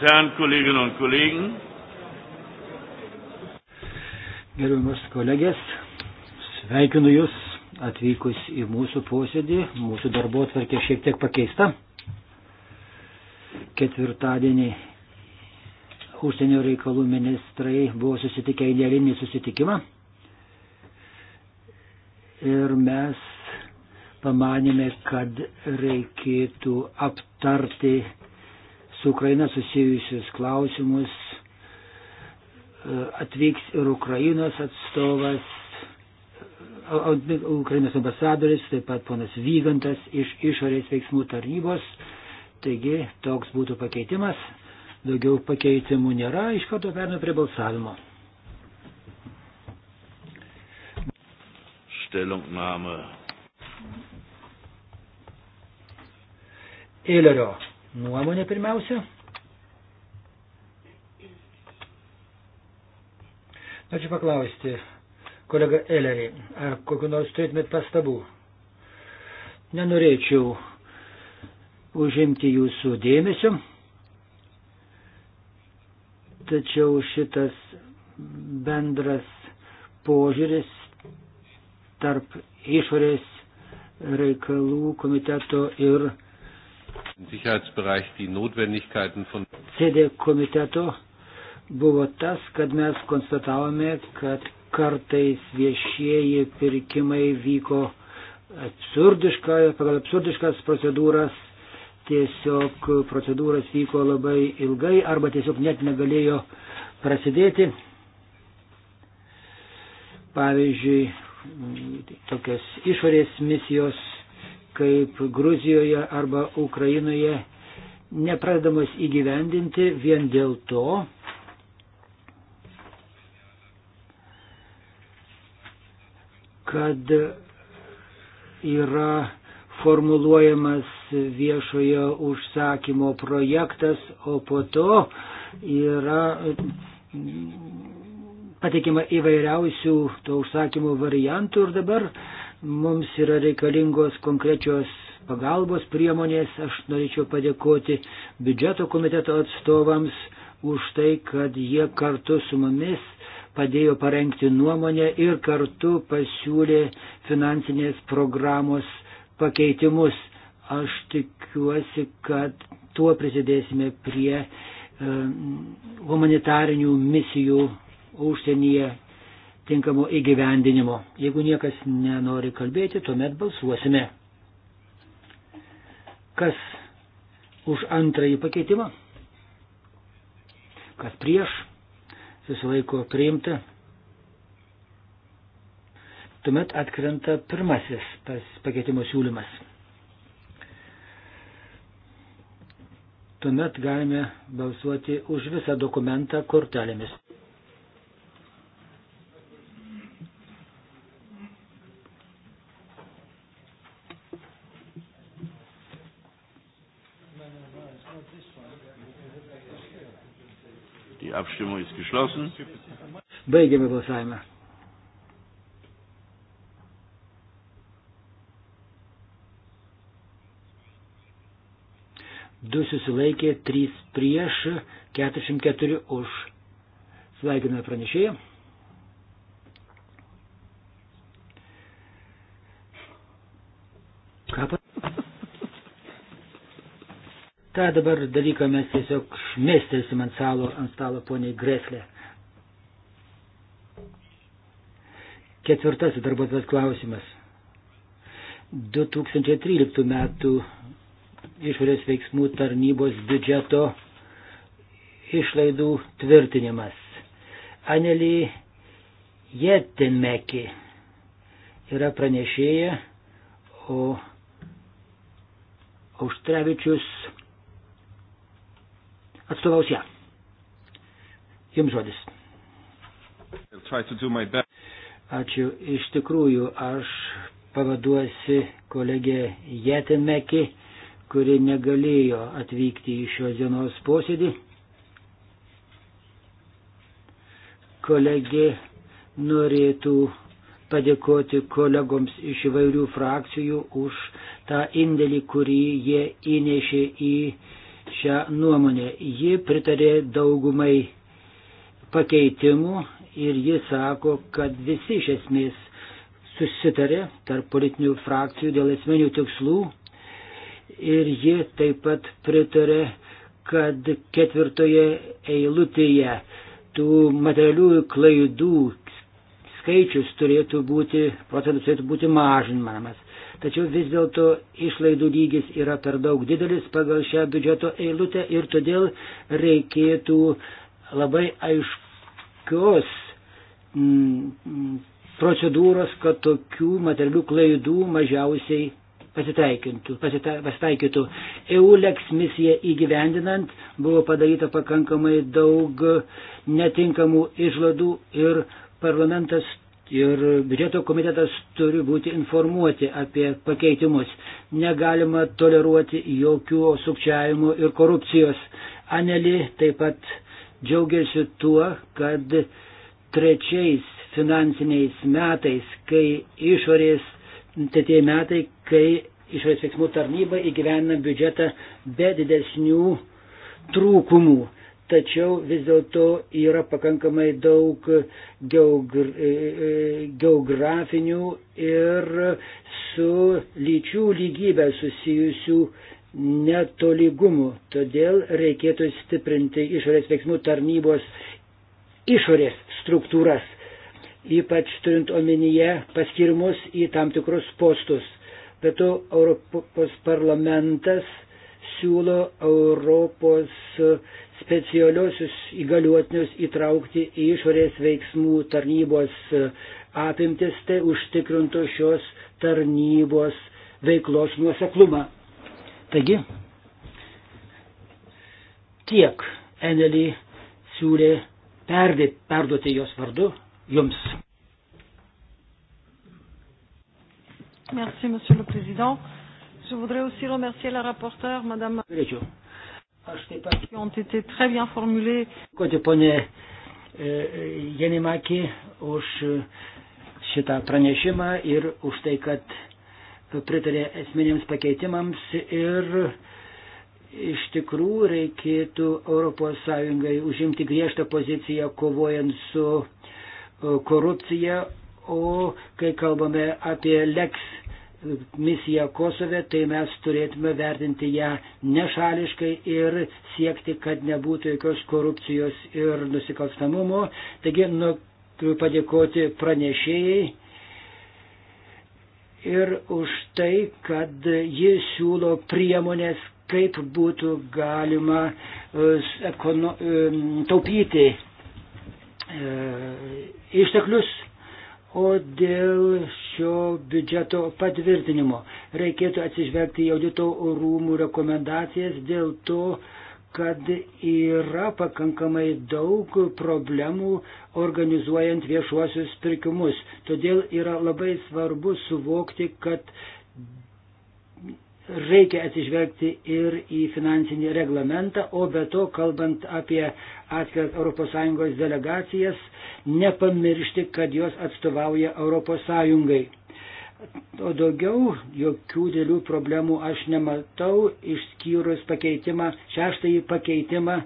Herren Kolleginnen und Kollegen. Gerbiamas kolegės, sveikinu Jūs atvykus į mūsų posėdį. Mūsų darbo atvarkė šiek tiek pakeista. Ketvirtadienį užsienio reikalų ministrai buvo susitikę į dėlinį susitikimą. Ir mes pamanėme, kad reikėtų aptarti su Ukraina susijusius klausimus. E, atvyks ir Ukrainos atstovas, Ukrainos ambasadoris, taip pat ponas Vygantas iš išorės veiksmų tarnybos. Taigi toks būtų pakeitimas. Daugiau pakeitimų nėra, iš karto pernu prie balsavimo. Stellungnahme. Ehlerio nuomonę pirmiausia. Norėčiau paklausti, kolega Elerį, ar kokiu nors turėtumėt pastabų? Nenorėčiau užimti jūsų dėmesio, tačiau šitas bendras požiūris tarp išorės reikalų komiteto ir Sėdė komiteto buvo tas, kad mes konstatavome, kad kartais viešieji pirkimai vyko absurdiška, pagal absurdiškas procedūras, tiesiog procedūras vyko labai ilgai arba tiesiog net negalėjo prasidėti. Pavyzdžiui, tokios išorės misijos kaip Gruzijoje arba Ukrainoje nepradamos įgyvendinti vien dėl to, kad yra formuluojamas viešojo užsakymo projektas, o po to yra pateikima įvairiausių to užsakymo variantų ir dabar Mums yra reikalingos konkrečios pagalbos priemonės. Aš norėčiau padėkoti biudžeto komiteto atstovams už tai, kad jie kartu su mumis padėjo parengti nuomonę ir kartu pasiūlė finansinės programos pakeitimus. Aš tikiuosi, kad tuo prisidėsime prie um, humanitarinių misijų užsienyje tinkamo įgyvendinimo. Jeigu niekas nenori kalbėti, tuomet balsuosime. Kas už antrąjį pakeitimą? Kas prieš? Susilaiko priimta. Tuomet atkrenta pirmasis tas pakeitimo siūlymas. Tuomet galime balsuoti už visą dokumentą kortelėmis. Abstimmung ist geschlossen. Baigiame balsavimą. Du susilaikė, trys prieš, 44 už. Sveikiname pranešėją. tą dabar dalyką mes tiesiog šmėstėsim ant stalo, ant stalo poniai Greslė. Ketvirtasis darbuotojas klausimas. 2013 metų išorės veiksmų tarnybos biudžeto išlaidų tvirtinimas. Anelį Jetinmeki yra pranešėja, o Auštrevičius atstovaus ją. Jums žodis. Ačiū. Iš tikrųjų, aš pavaduosi kolegė Jetemeki, kuri negalėjo atvykti į šios dienos posėdį. Kolegė norėtų padėkoti kolegoms iš įvairių frakcijų už tą indėlį, kurį jie įnešė į šią nuomonę. Ji pritarė daugumai pakeitimų ir ji sako, kad visi iš esmės susitarė tarp politinių frakcijų dėl esmenių tikslų ir ji taip pat pritarė, kad ketvirtoje eilutėje tų materialių klaidų skaičius turėtų būti, procentas turėtų būti mažinamas tačiau vis dėlto išlaidų lygis yra per daug didelis pagal šią biudžeto eilutę ir todėl reikėtų labai aiškios mm, procedūros, kad tokių materialių klaidų mažiausiai pasitaikintų, pasita, pasitaikytų. EULEX misiją įgyvendinant buvo padaryta pakankamai daug netinkamų išladų ir parlamentas Ir biudžeto komitetas turi būti informuoti apie pakeitimus. Negalima toleruoti jokių sukčiavimų ir korupcijos. Aneli taip pat džiaugiasi tuo, kad trečiais finansiniais metais, kai išorės, tai tie metai, kai išorės veiksmų tarnyba įgyvena biudžetą be didesnių trūkumų tačiau vis dėlto yra pakankamai daug e, e, geografinių ir su lyčių lygybė susijusių netolygumų. Todėl reikėtų stiprinti išorės veiksmų tarnybos išorės struktūras, ypač turint omenyje paskirimus į tam tikrus postus. Bet to Europos parlamentas siūlo Europos specialiosius įgaliuotinius įtraukti į išorės veiksmų tarnybos e, apimtis, tai užtikrintų šios tarnybos veiklos nuoseklumą. Taigi, tiek Enelį siūlė perdė, perduoti jos vardu jums. Merci, Monsieur le Président. Je voudrais aussi remercier la rapporteure, Madame. Norėčiau Aš taip pat. Kodėl ponė e, Janimaki už šitą pranešimą ir už tai, kad pritarė esminėms pakeitimams ir iš tikrųjų reikėtų ES užimti griežtą poziciją kovojant su e, korupcija, o kai kalbame apie leks misiją Kosove, tai mes turėtume vertinti ją nešališkai ir siekti, kad nebūtų jokios korupcijos ir nusikalstamumo. Taigi, noriu nu, padėkoti pranešėjai ir už tai, kad ji siūlo priemonės, kaip būtų galima e, e, taupyti e, išteklius O dėl šio biudžeto patvirtinimo reikėtų atsižvelgti į audito rūmų rekomendacijas dėl to, kad yra pakankamai daug problemų organizuojant viešuosius pirkimus. Todėl yra labai svarbu suvokti, kad reikia atsižvelgti ir į finansinį reglamentą, o be to, kalbant apie atskiras ES delegacijas, nepamiršti, kad jos atstovauja ES. O daugiau jokių dėlių problemų aš nematau, išskyrus pakeitimą, šeštąjį pakeitimą,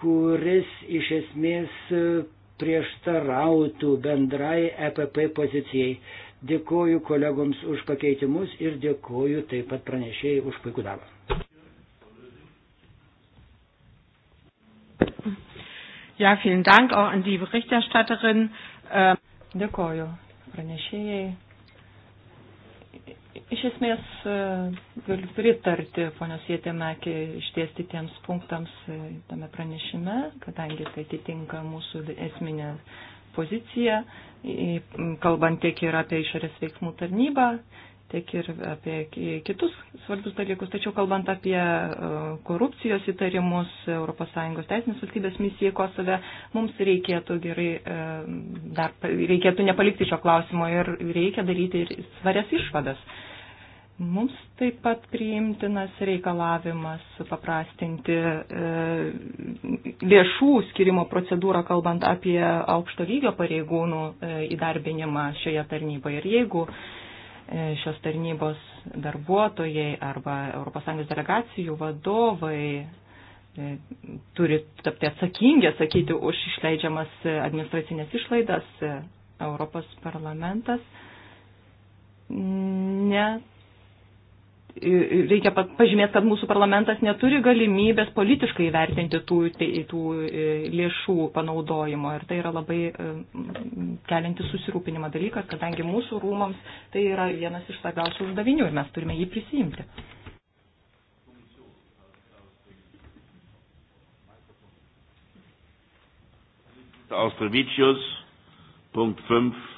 kuris iš esmės prieštarautų bendrai EPP pozicijai. Dėkoju kolegoms už pakeitimus ir dėkoju taip pat pranešėjai už puikų darbą. Ja, vielen Dank auch an die Berichterstatterin. Ähm, dėkoju pranešėjai. Iš esmės e, galiu pritarti ponios Jėtėmekį išdėstytiems punktams e, tame pranešime, kadangi tai atitinka mūsų esminę poziciją kalbant tiek ir apie išorės veiksmų tarnybą, tiek ir apie kitus svarbius dalykus. Tačiau kalbant apie e, korupcijos įtarimus, ES teisinės valstybės misiją Kosove, mums reikėtų gerai, e, dar reikėtų nepalikti šio klausimo ir reikia daryti ir svarias išvadas. Mums taip pat priimtinas reikalavimas supaprastinti e, lėšų skirimo procedūrą, kalbant apie aukšto lygio pareigūnų e, įdarbinimą šioje tarnyboje. Ir jeigu e, šios tarnybos darbuotojai arba ES delegacijų vadovai turi tapti atsakingi, atsakyti už išleidžiamas administracinės išlaidas, Europos parlamentas net reikia pažymėti, kad mūsų parlamentas neturi galimybės politiškai vertinti tų, tai, tų e, lėšų panaudojimo. Ir tai yra labai e, kelinti susirūpinimą dalykas, kadangi mūsų rūmams tai yra vienas iš svarbiausių uždavinių ir mes turime jį prisijimti. Austrovičius, punkt 5.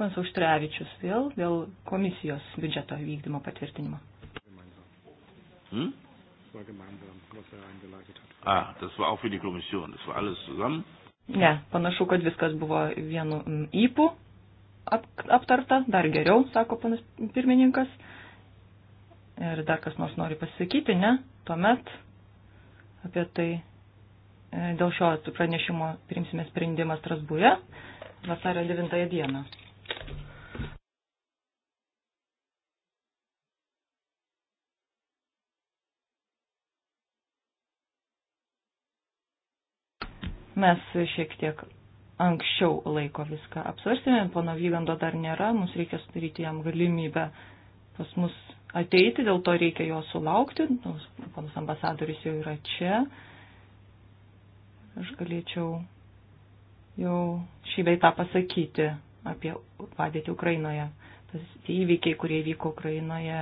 Pans Užtrevičius vėl dėl komisijos biudžeto vykdymo patvirtinimo. Hmm? Ah, das war auch für die Kommission. Das war alles zusammen. Ne, panašu, kad viskas buvo vienu įpū ap, aptarta, dar geriau, sako panas pirmininkas. Ir dar kas nors nori pasakyti, ne? Tuomet apie tai e, dėl šio pranešimo priimsime sprendimą Strasbūre vasario 9 dieną. Mes šiek tiek anksčiau laiko viską apsvarstėme, pono Vygando dar nėra, mums reikia sudaryti jam galimybę pas mus ateiti, dėl to reikia jo sulaukti, nu, ponas ambasadoris jau yra čia. Aš galėčiau jau šį beitą pasakyti apie padėtį Ukrainoje. Tas įvykiai, kurie vyko Ukrainoje,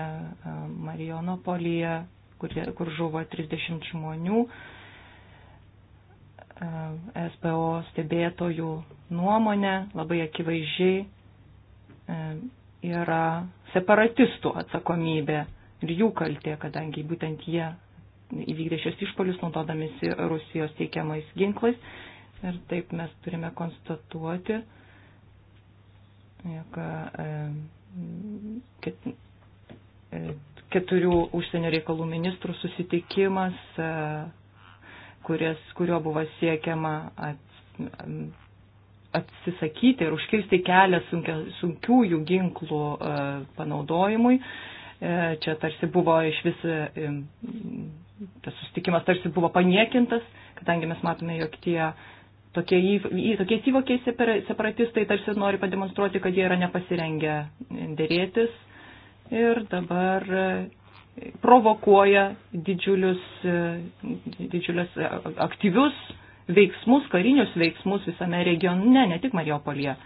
Marijonopolyje, kur, kur žuvo 30 žmonių, SBO stebėtojų nuomonė labai akivaizdžiai e, yra separatistų atsakomybė ir jų kaltė, kadangi būtent jie įvykdė šios išpolius naudodamisi Rusijos teikiamais ginklais. Ir taip mes turime konstatuoti, jog e, e, keturių užsienio reikalų ministrų susitikimas kuris, kurio buvo siekiama atsisakyti ir užkirsti kelią sunkia, sunkiųjų ginklų e, panaudojimui. E, čia tarsi buvo iš vis, e, tas sustikimas tarsi buvo paniekintas, kadangi mes matome, jog tie tokie, tokiais įvokiais separatistai tarsi nori pademonstruoti, kad jie yra nepasirengę dėrėtis. Ir dabar provokuoja didžiulius, e, didžiulius e, aktyvius veiksmus, karinius veiksmus visame regione, ne tik Marijopolyje.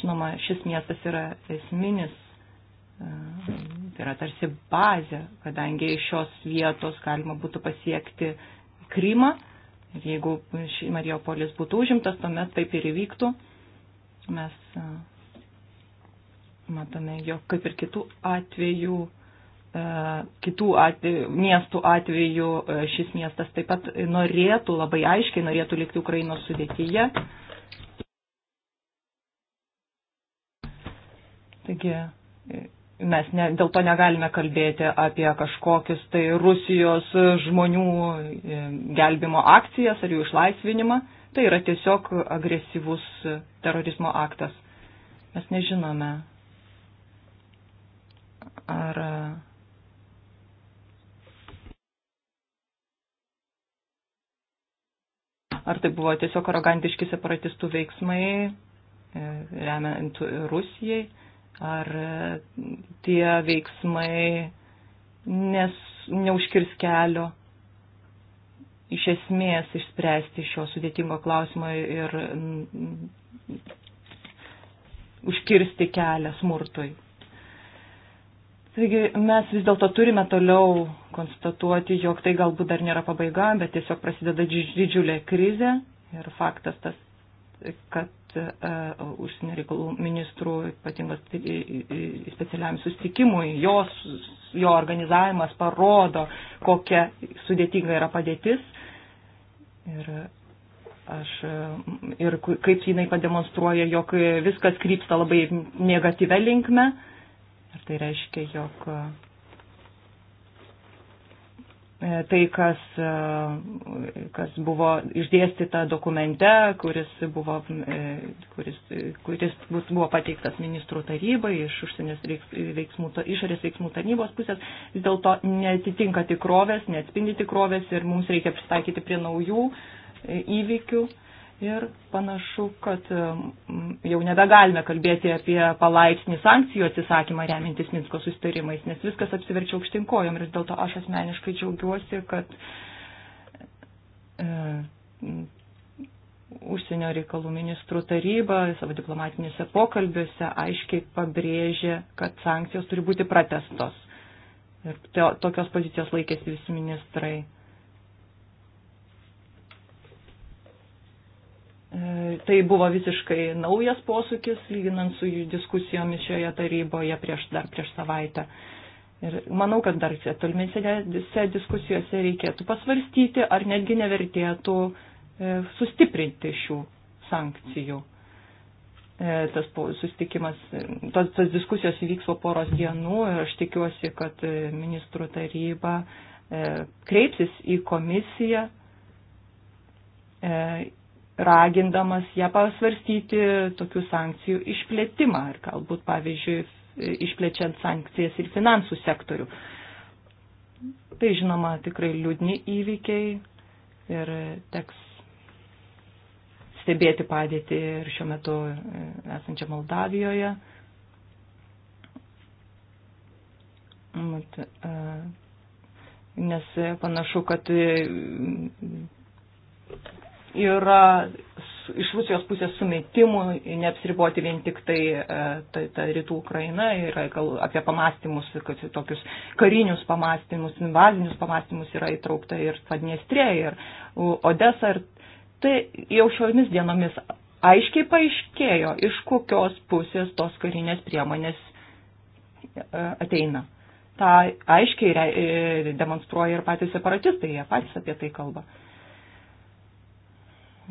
Žinoma, šis miestas yra esminis, e, tai yra tarsi bazė, kadangi iš šios vietos galima būtų pasiekti Krymą. Ir jeigu Marijopolis būtų užimtas, tuomet taip ir įvyktų. Mes matome, jog kaip ir kitų atvejų E, kitų atveju, miestų atveju e, šis miestas taip pat norėtų, labai aiškiai norėtų likti Ukrainos sudėtyje. Taigi e, mes ne, dėl to negalime kalbėti apie kažkokius tai Rusijos žmonių gelbimo akcijas ar jų išlaisvinimą. Tai yra tiesiog agresyvus terorizmo aktas. Mes nežinome, ar Ar tai buvo tiesiog arogantiški separatistų veiksmai, e, remiant Rusijai, ar e, tie veiksmai nes, neužkirs kelio iš esmės išspręsti šio sudėtingo klausimo ir užkirsti kelią smurtui. Taigi mes vis dėlto turime toliau konstatuoti, jog tai galbūt dar nėra pabaiga, bet tiesiog prasideda didžiulė krizė ir faktas tas, kad uh, užsienio reikalų ministrų ypatingas specialiam sustikimui, jos, jo organizavimas parodo, kokia sudėtinga yra padėtis. Ir aš ir kaip jinai pademonstruoja, jog viskas krypsta labai negatyvę linkme. Uh, Tai reiškia, jog e, tai, kas, e, kas buvo išdėstyta dokumente, kuris buvo, e, kuris, kuris buvo pateiktas ministrų tarybai iš užsienės veiksmų, išorės veiksmų tarnybos pusės, vis dėlto netitinka tikrovės, neatspindi tikrovės ir mums reikia pristaikyti prie naujų įvykių. Ir panašu, kad um, jau nebegalime kalbėti apie palaipsnį sankcijų atsisakymą remintis Minsko sustarimais, nes viskas apsiverčia aukštinkojom ir dėl to aš asmeniškai džiaugiuosi, kad e, užsienio reikalų ministrų taryba savo diplomatinėse pokalbiuose aiškiai pabrėžė, kad sankcijos turi būti pratestos. Ir to, tokios pozicijos laikėsi visi ministrai E, tai buvo visiškai naujas posūkis, lyginant su jų diskusijomis šioje taryboje prieš, dar prieš savaitę. Ir manau, kad dar tolmėse diskusijose reikėtų pasvarstyti, ar netgi nevertėtų e, sustiprinti šių sankcijų. E, tas sustikimas, tos, tos diskusijos įvyks po poros dienų ir aš tikiuosi, kad ministrų taryba kreipsis į komisiją ragindamas ją pasvarstyti tokių sankcijų išplėtimą ir galbūt, pavyzdžiui, išplečiant sankcijas ir finansų sektorių. Tai žinoma, tikrai liūdni įvykiai ir teks stebėti padėtį ir šiuo metu e, esančią Moldavijoje. E, nes panašu, kad yra iš Rusijos pusės sumetimų, neapsiriboti vien tik tai e, ta, ta rytų Ukraina, yra apie pamastymus, kad tokius karinius pamastymus, invazinius pamastymus yra įtraukta ir Padniestrė, ir Odessa. Ir tai jau šiomis dienomis aiškiai paaiškėjo, iš kokios pusės tos karinės priemonės e, ateina. Ta aiškiai e, demonstruoja ir patys separatistai, jie patys apie tai kalba. Uh,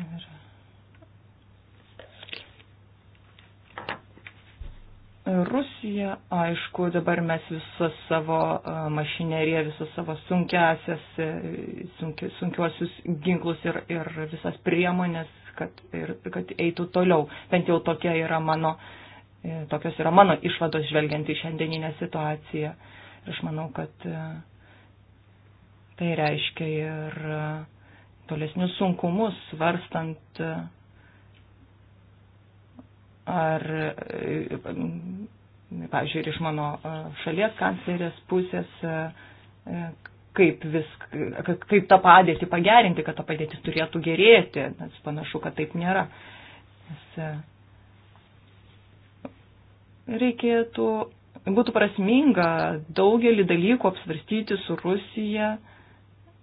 Ir Rusija, aišku, dabar mes visą savo e, mašineriją, visą savo sunkiasias, e, sunki, sunkiuosius ginklus ir, ir visas priemonės, kad, ir, kad eitų toliau. Bent jau tokia yra mano, e, tokios yra mano išvados žvelgiant į šiandieninę situaciją. Ir aš manau, kad tai reiškia ir tolesnius sunkumus svarstant, ar, pavyzdžiui, ir iš mano e, šalies kanclerės pusės, e, e, kaip, visk, kaip tą padėtį pagerinti, kad ta padėtis turėtų gerėti, nes panašu, kad taip nėra. Nes reikėtų, būtų prasminga daugelį dalykų apsvarstyti su Rusija,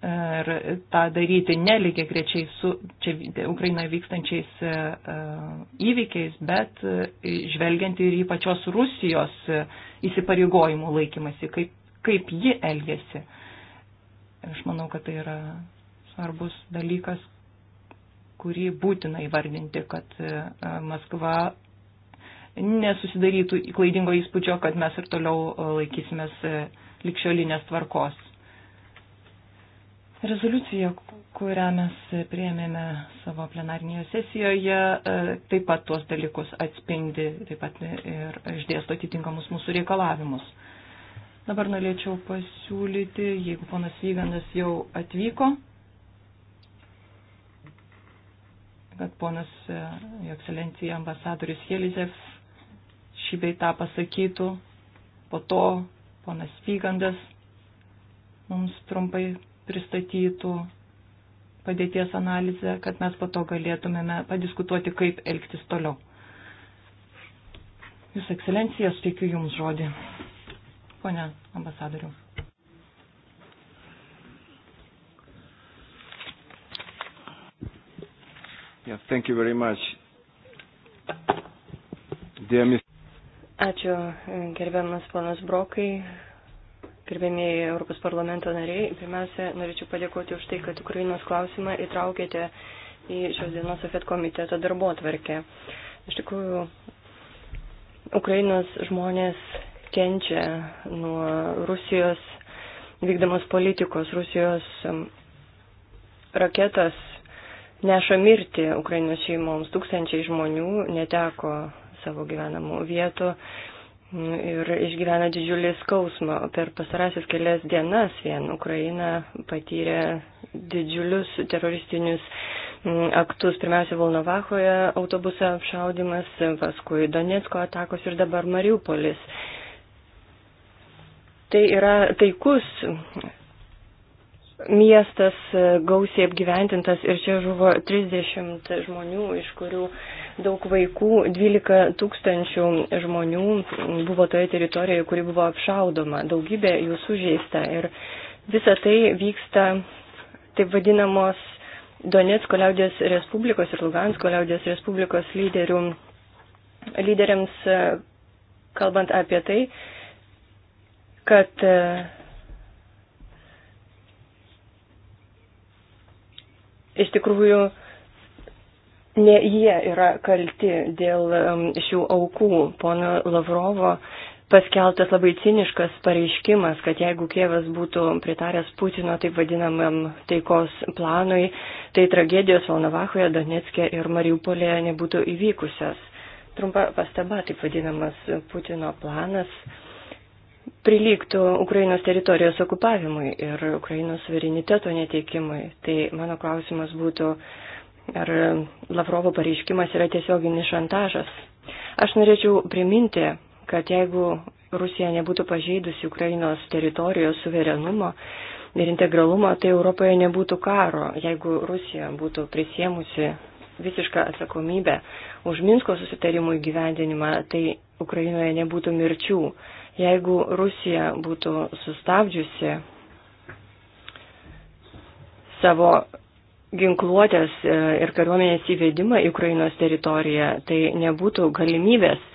ir tą daryti neligiai grečiai su čia Ukrainoje vykstančiais e, e, įvykiais, bet e, žvelgiant ir į pačios Rusijos įsipareigojimų laikymasi, kaip, kaip ji elgesi. Aš manau, kad tai yra svarbus dalykas, kurį būtina įvardinti, kad Maskva nesusidarytų klaidingo įspūdžio, kad mes ir toliau laikysimės likščiolinės tvarkos. Rezoliucija, kurią mes priėmėme savo plenarnėje sesijoje, e, taip pat tuos dalykus atspindi, taip pat ir išdėsto atitinkamus mūsų reikalavimus. Dabar norėčiau pasiūlyti, jeigu ponas Vyganas jau atvyko, kad ponas e, jo ekscelencija ambasadorius Helizev šį beitą pasakytų, po to ponas Vygandas mums trumpai pristatytų padėties analizę, kad mes po to galėtumėme padiskutuoti, kaip elgtis toliau. Jūs ekscelencija, suteikiu Jums žodį. Pone ambasadoriu. Yeah, thank you very much. Dear Mr. Ačiū gerbiamas ponas Brokai, Gerbėmiai Europos parlamento nariai, pirmiausia, norėčiau padėkoti už tai, kad Ukrainos klausimą įtraukėte į šios dienos AFET komiteto darbo atvarkę. Iš tikrųjų, Ukrainos žmonės kenčia nuo Rusijos vykdomos politikos. Rusijos um, raketas neša mirti Ukrainos šeimoms. Tūkstančiai žmonių neteko savo gyvenamų vietų ir išgyvena didžiulį skausmą. Per pasarasias kelias dienas vien Ukraina patyrė didžiulius teroristinius mm, aktus. Pirmiausia, Volnovahoje autobusą apšaudimas, paskui Donetsko atakos ir dabar Mariupolis. Tai yra taikus miestas e, gausiai apgyventintas ir čia žuvo 30 žmonių, iš kurių daug vaikų, 12 tūkstančių žmonių buvo toje teritorijoje, kuri buvo apšaudoma, daugybė jų sužeista ir visa tai vyksta taip vadinamos Donetsko liaudės Respublikos ir Lugansko liaudės Respublikos lyderių, lyderiams e, kalbant apie tai, kad e, iš tikrųjų ne jie yra kalti dėl um, šių aukų. Pono Lavrovo paskeltas labai ciniškas pareiškimas, kad jeigu Kievas būtų pritaręs Putino taip vadinamam taikos planui, tai tragedijos Valnavachoje, Donetskė ir Mariupolėje nebūtų įvykusios. Trumpa pastaba, taip vadinamas Putino planas prilygtų Ukrainos teritorijos okupavimui ir Ukrainos suvereniteto neteikimui. Tai mano klausimas būtų, ar Lavrovo pareiškimas yra tiesioginis šantažas. Aš norėčiau priminti, kad jeigu Rusija nebūtų pažeidusi Ukrainos teritorijos suverenumo ir integralumo, tai Europoje nebūtų karo, jeigu Rusija būtų prisėmusi visišką atsakomybę už Minsko susitarimų įgyvendinimą, tai Ukrainoje nebūtų mirčių. Jeigu Rusija būtų sustabdžiusi savo ginkluotės e, ir kariuomenės įvedimą į Ukrainos teritoriją, tai nebūtų galimybės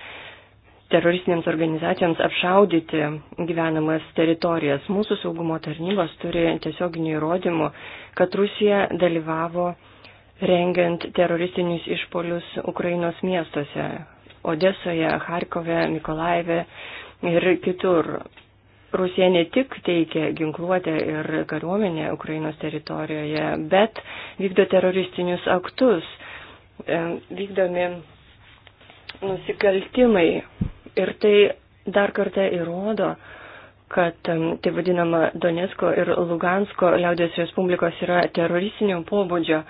teroristinėms organizacijoms apšaudyti gyvenamas teritorijas. Mūsų saugumo tarnybos turi tiesioginių įrodymų, kad Rusija dalyvavo rengiant teroristinius išpolius Ukrainos miestuose - Odesoje, Harkove, Mikolaeve, ir kitur. Rusija ne tik teikia ginkluotę ir kariuomenę Ukrainos teritorijoje, bet vykdo teroristinius aktus, e, vykdomi nusikaltimai. Ir tai dar kartą įrodo, kad e, tai vadinama Donetsko ir Lugansko liaudės respublikos yra teroristinio pobūdžio.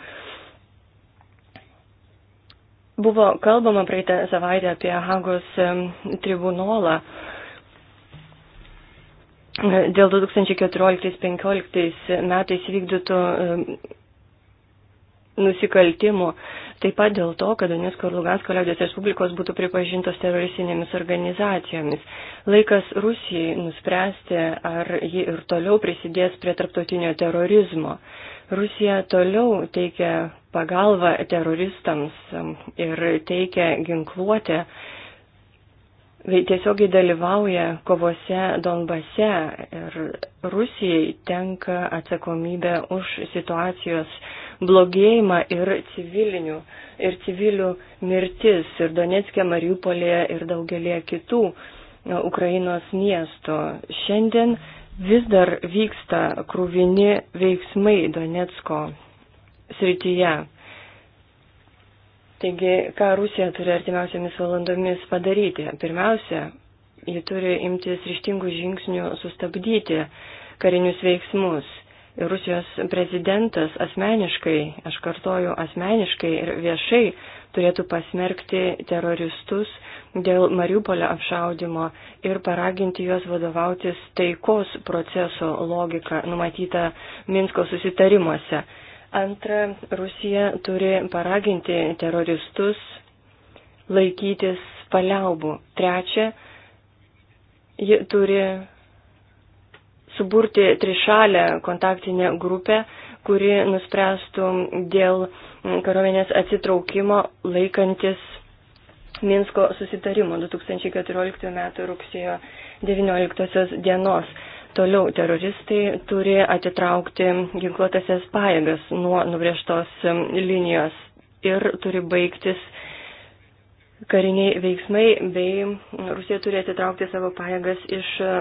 Buvo kalbama praeitą savaitę apie Hagos e, tribunolą dėl 2014-2015 metais vykdytų e, nusikaltimų, taip pat dėl to, kad Donetsko ir Lugansko liaudės Respublikos būtų pripažintos teroristinėmis organizacijomis. Laikas Rusijai nuspręsti, ar ji ir toliau prisidės prie tarptautinio terorizmo. Rusija toliau teikia pagalbą teroristams e, ir teikia ginkluotę tiesiogiai dalyvauja kovose Donbase ir Rusijai tenka atsakomybė už situacijos blogėjimą ir, civilinių, ir civilių mirtis ir Donetskė, Mariupolė ir daugelie kitų e, Ukrainos miestų. Šiandien vis dar vyksta krūvini veiksmai Donetsko srityje. Taigi, ką Rusija turi artimiausiamis valandomis padaryti? Pirmiausia, ji turi imtis ryštingų žingsnių sustabdyti karinius veiksmus. Ir Rusijos prezidentas asmeniškai, aš kartoju asmeniškai ir viešai, turėtų pasmerkti teroristus dėl Mariupolio apšaudimo ir paraginti juos vadovautis taikos proceso logika numatyta Minsko susitarimuose. Antra, Rusija turi paraginti teroristus laikytis paliaubų. Trečia, ji turi suburti trišalę kontaktinę grupę, kuri nuspręstų dėl kariuomenės atsitraukimo laikantis Minsko susitarimo 2014 m. rugsėjo 19 dienos. Toliau teroristai turi atitraukti ginkluotasias pajėgas nuo nubrėžtos linijos ir turi baigtis kariniai veiksmai, bei Rusija turi atitraukti savo pajėgas iš e,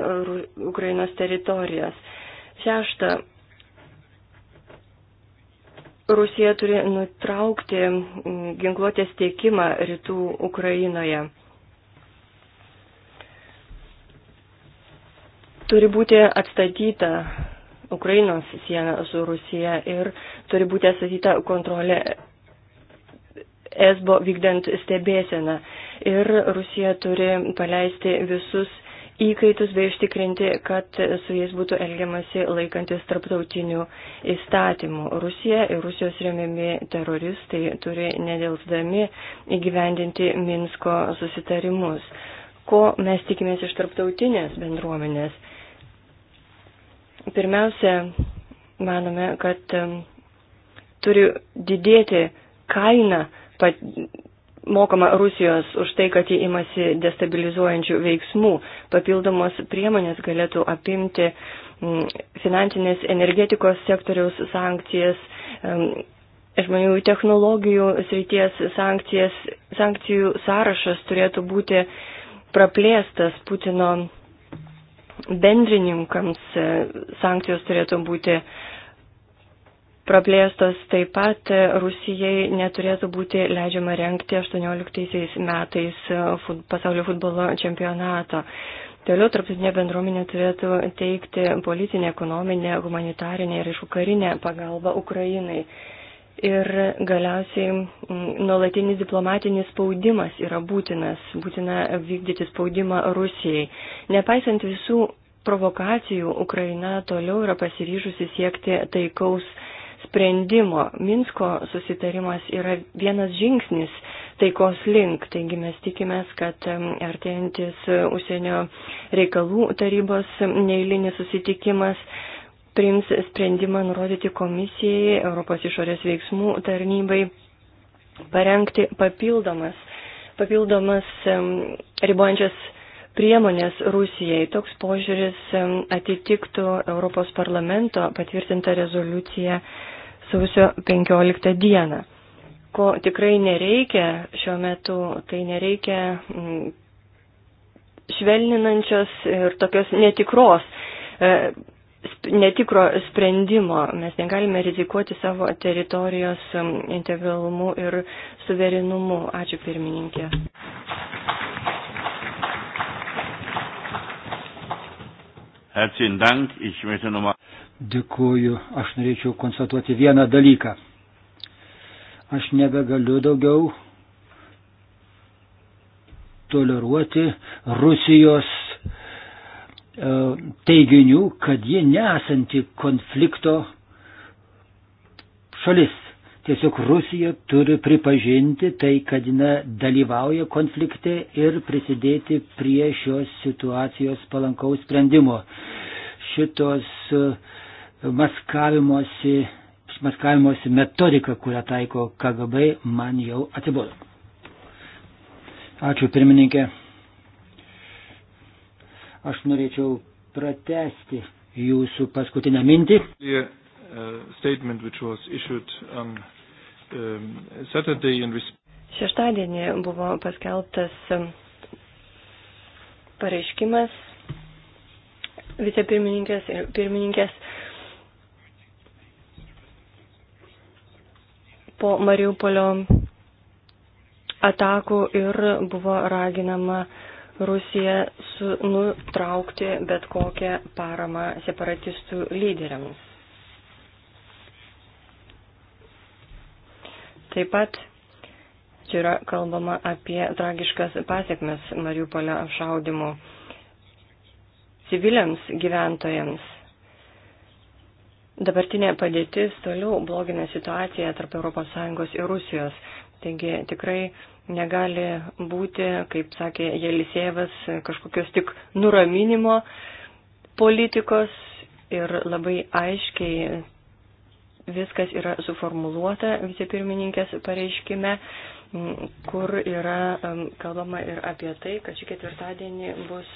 Ukrainos teritorijos. Šešta. Rusija turi nutraukti ginkluotės tiekimą rytų Ukrainoje. Turi būti atstatyta Ukrainos siena su Rusija ir turi būti atstatyta kontrolė esbo vykdant stebėseną. Ir Rusija turi paleisti visus įkaitus bei užtikrinti, kad su jais būtų elgiamasi laikantis tarptautinių įstatymų. Rusija ir Rusijos remiami teroristai turi nedėlsdami įgyvendinti Minsko susitarimus. Ko mes tikimės iš tarptautinės bendruomenės? Pirmiausia, manome, kad turi didėti kaina mokama Rusijos už tai, kad jį imasi destabilizuojančių veiksmų. Papildomos priemonės galėtų apimti finansinės energetikos sektoriaus sankcijas, žmonių technologijų srities sankcijas, sankcijų sąrašas turėtų būti praplėstas Putino bendrininkams e, sankcijos turėtų būti praplėstos. Taip pat e, Rusijai neturėtų būti leidžiama renkti 18 metais e, pasaulio futbolo čempionato. Toliau tarptautinė bendruomenė turėtų teikti politinę, ekonominę, humanitarinę ir aišku karinę pagalbą Ukrainai. Ir galiausiai mm, nuolatinis diplomatinis spaudimas yra būtinas, būtina vykdyti spaudimą Rusijai. Nepaisant visų provokacijų, Ukraina toliau yra pasiryžusi siekti taikaus sprendimo. Minsko susitarimas yra vienas žingsnis taikos link. Taigi mes tikimės, kad mm, artėjantis užsienio reikalų tarybos neįlinis susitikimas priims sprendimą nurodyti komisijai, Europos išorės veiksmų tarnybai parengti papildomas, papildomas ribojančias priemonės Rusijai. Toks požiūris atitiktų Europos parlamento patvirtintą rezoliuciją sausio 15 dieną. Ko tikrai nereikia šiuo metu, tai nereikia švelninančios ir tokios netikros e, netikro sprendimo. Mes negalime rizikuoti savo teritorijos um, integralumu ir suverenumu. Ačiū pirmininkė. Dėkuoju, aš norėčiau konstatuoti vieną dalyką. Aš nebegaliu daugiau toleruoti Rusijos E, teiginių, kad ji nesanti konflikto šalis. Tiesiog Rusija turi pripažinti tai, kad jina dalyvauja konflikte ir prisidėti prie šios situacijos palankaus sprendimo. Šitos e, maskavimosi, maskavimosi metodika, kurią taiko KGB, man jau atsibodo. Ačiū pirmininkė. Aš norėčiau pratesti jūsų paskutinę mintį. Uh, um, Šeštadienį buvo paskelbtas um, pareiškimas vicepirmininkės ir pirmininkės po Mariupolio atakų ir buvo raginama uh, Rusija nutraukti bet kokią paramą separatistų lyderiams. Taip pat čia yra kalbama apie tragiškas pasiekmes Mariupolio apšaudimų civiliams gyventojams. Dabartinė padėtis toliau blogina situaciją tarp ES ir Rusijos. Taigi tikrai negali būti, kaip sakė Jelisėvas, kažkokios tik nuraminimo politikos ir labai aiškiai viskas yra suformuluota vicepirmininkės pareiškime, kur yra kalbama ir apie tai, kad šį ketvirtadienį bus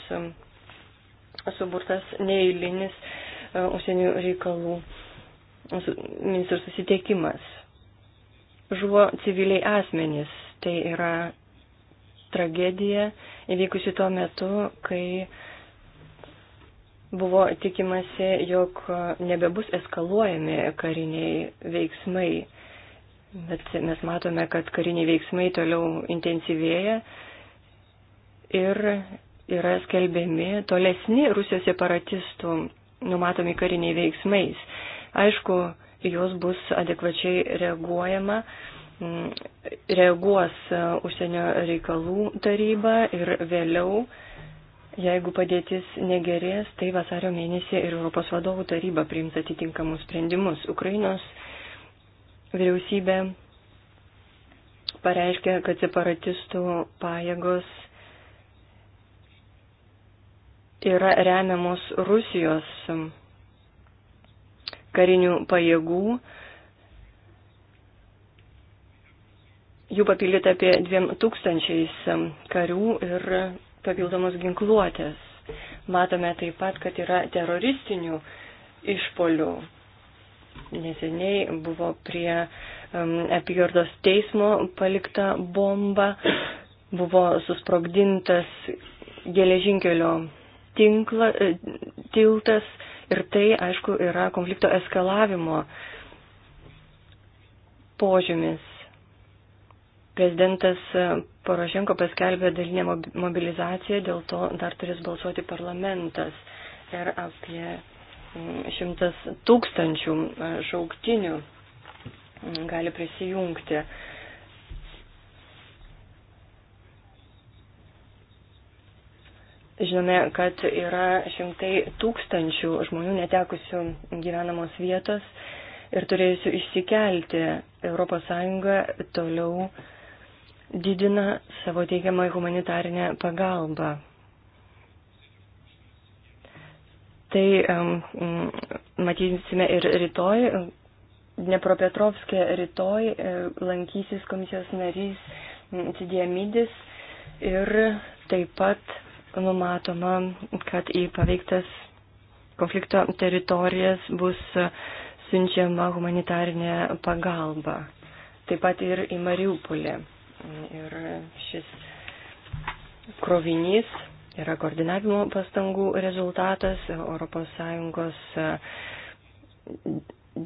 suburtas neįlinis e, užsienio reikalų ministrų susitiekimas. Žuvo civiliai asmenys tai yra tragedija įvykusi tuo metu, kai buvo tikimasi, jog nebebus eskaluojami kariniai veiksmai. Bet mes matome, kad kariniai veiksmai toliau intensyvėja ir yra skelbiami tolesni Rusijos separatistų numatomi kariniai veiksmais. Aišku, juos bus adekvačiai reaguojama Mm, reaguos e, užsienio reikalų taryba ir vėliau, jeigu padėtis negerės, tai vasario mėnesį ir Europos vadovų taryba priims atitinkamus sprendimus. Ukrainos vyriausybė pareiškia, kad separatistų pajėgos yra remiamos Rusijos karinių pajėgų jų papildyta apie 2000 karių ir papildomos ginkluotės. Matome taip pat, kad yra teroristinių išpolių. Neseniai buvo prie um, apygardos teismo palikta bomba, buvo susprogdintas geležinkelio tinkla, e, tiltas ir tai, aišku, yra konflikto eskalavimo požymis Prezidentas e, Porošenko paskelbė dalinę mobilizaciją, dėl to dar turės balsuoti parlamentas ir apie šimtas tūkstančių e, šauktinių gali prisijungti. Žinome, kad yra šimtai tūkstančių žmonių netekusių gyvenamos vietos ir turėjusių išsikelti. ES toliau uh, didina savo teikiamą humanitarinę pagalbą. Tai um, matysime ir rytoj. Dnepropetrovskė rytoj e, lankysis komisijos narys Cidiamidis ir taip pat numatoma, kad į paveiktas konflikto teritorijas bus siunčiama humanitarinė pagalba. Taip pat ir į Mariupolį. Ir šis krovinys yra koordinavimo pastangų rezultatas ES e,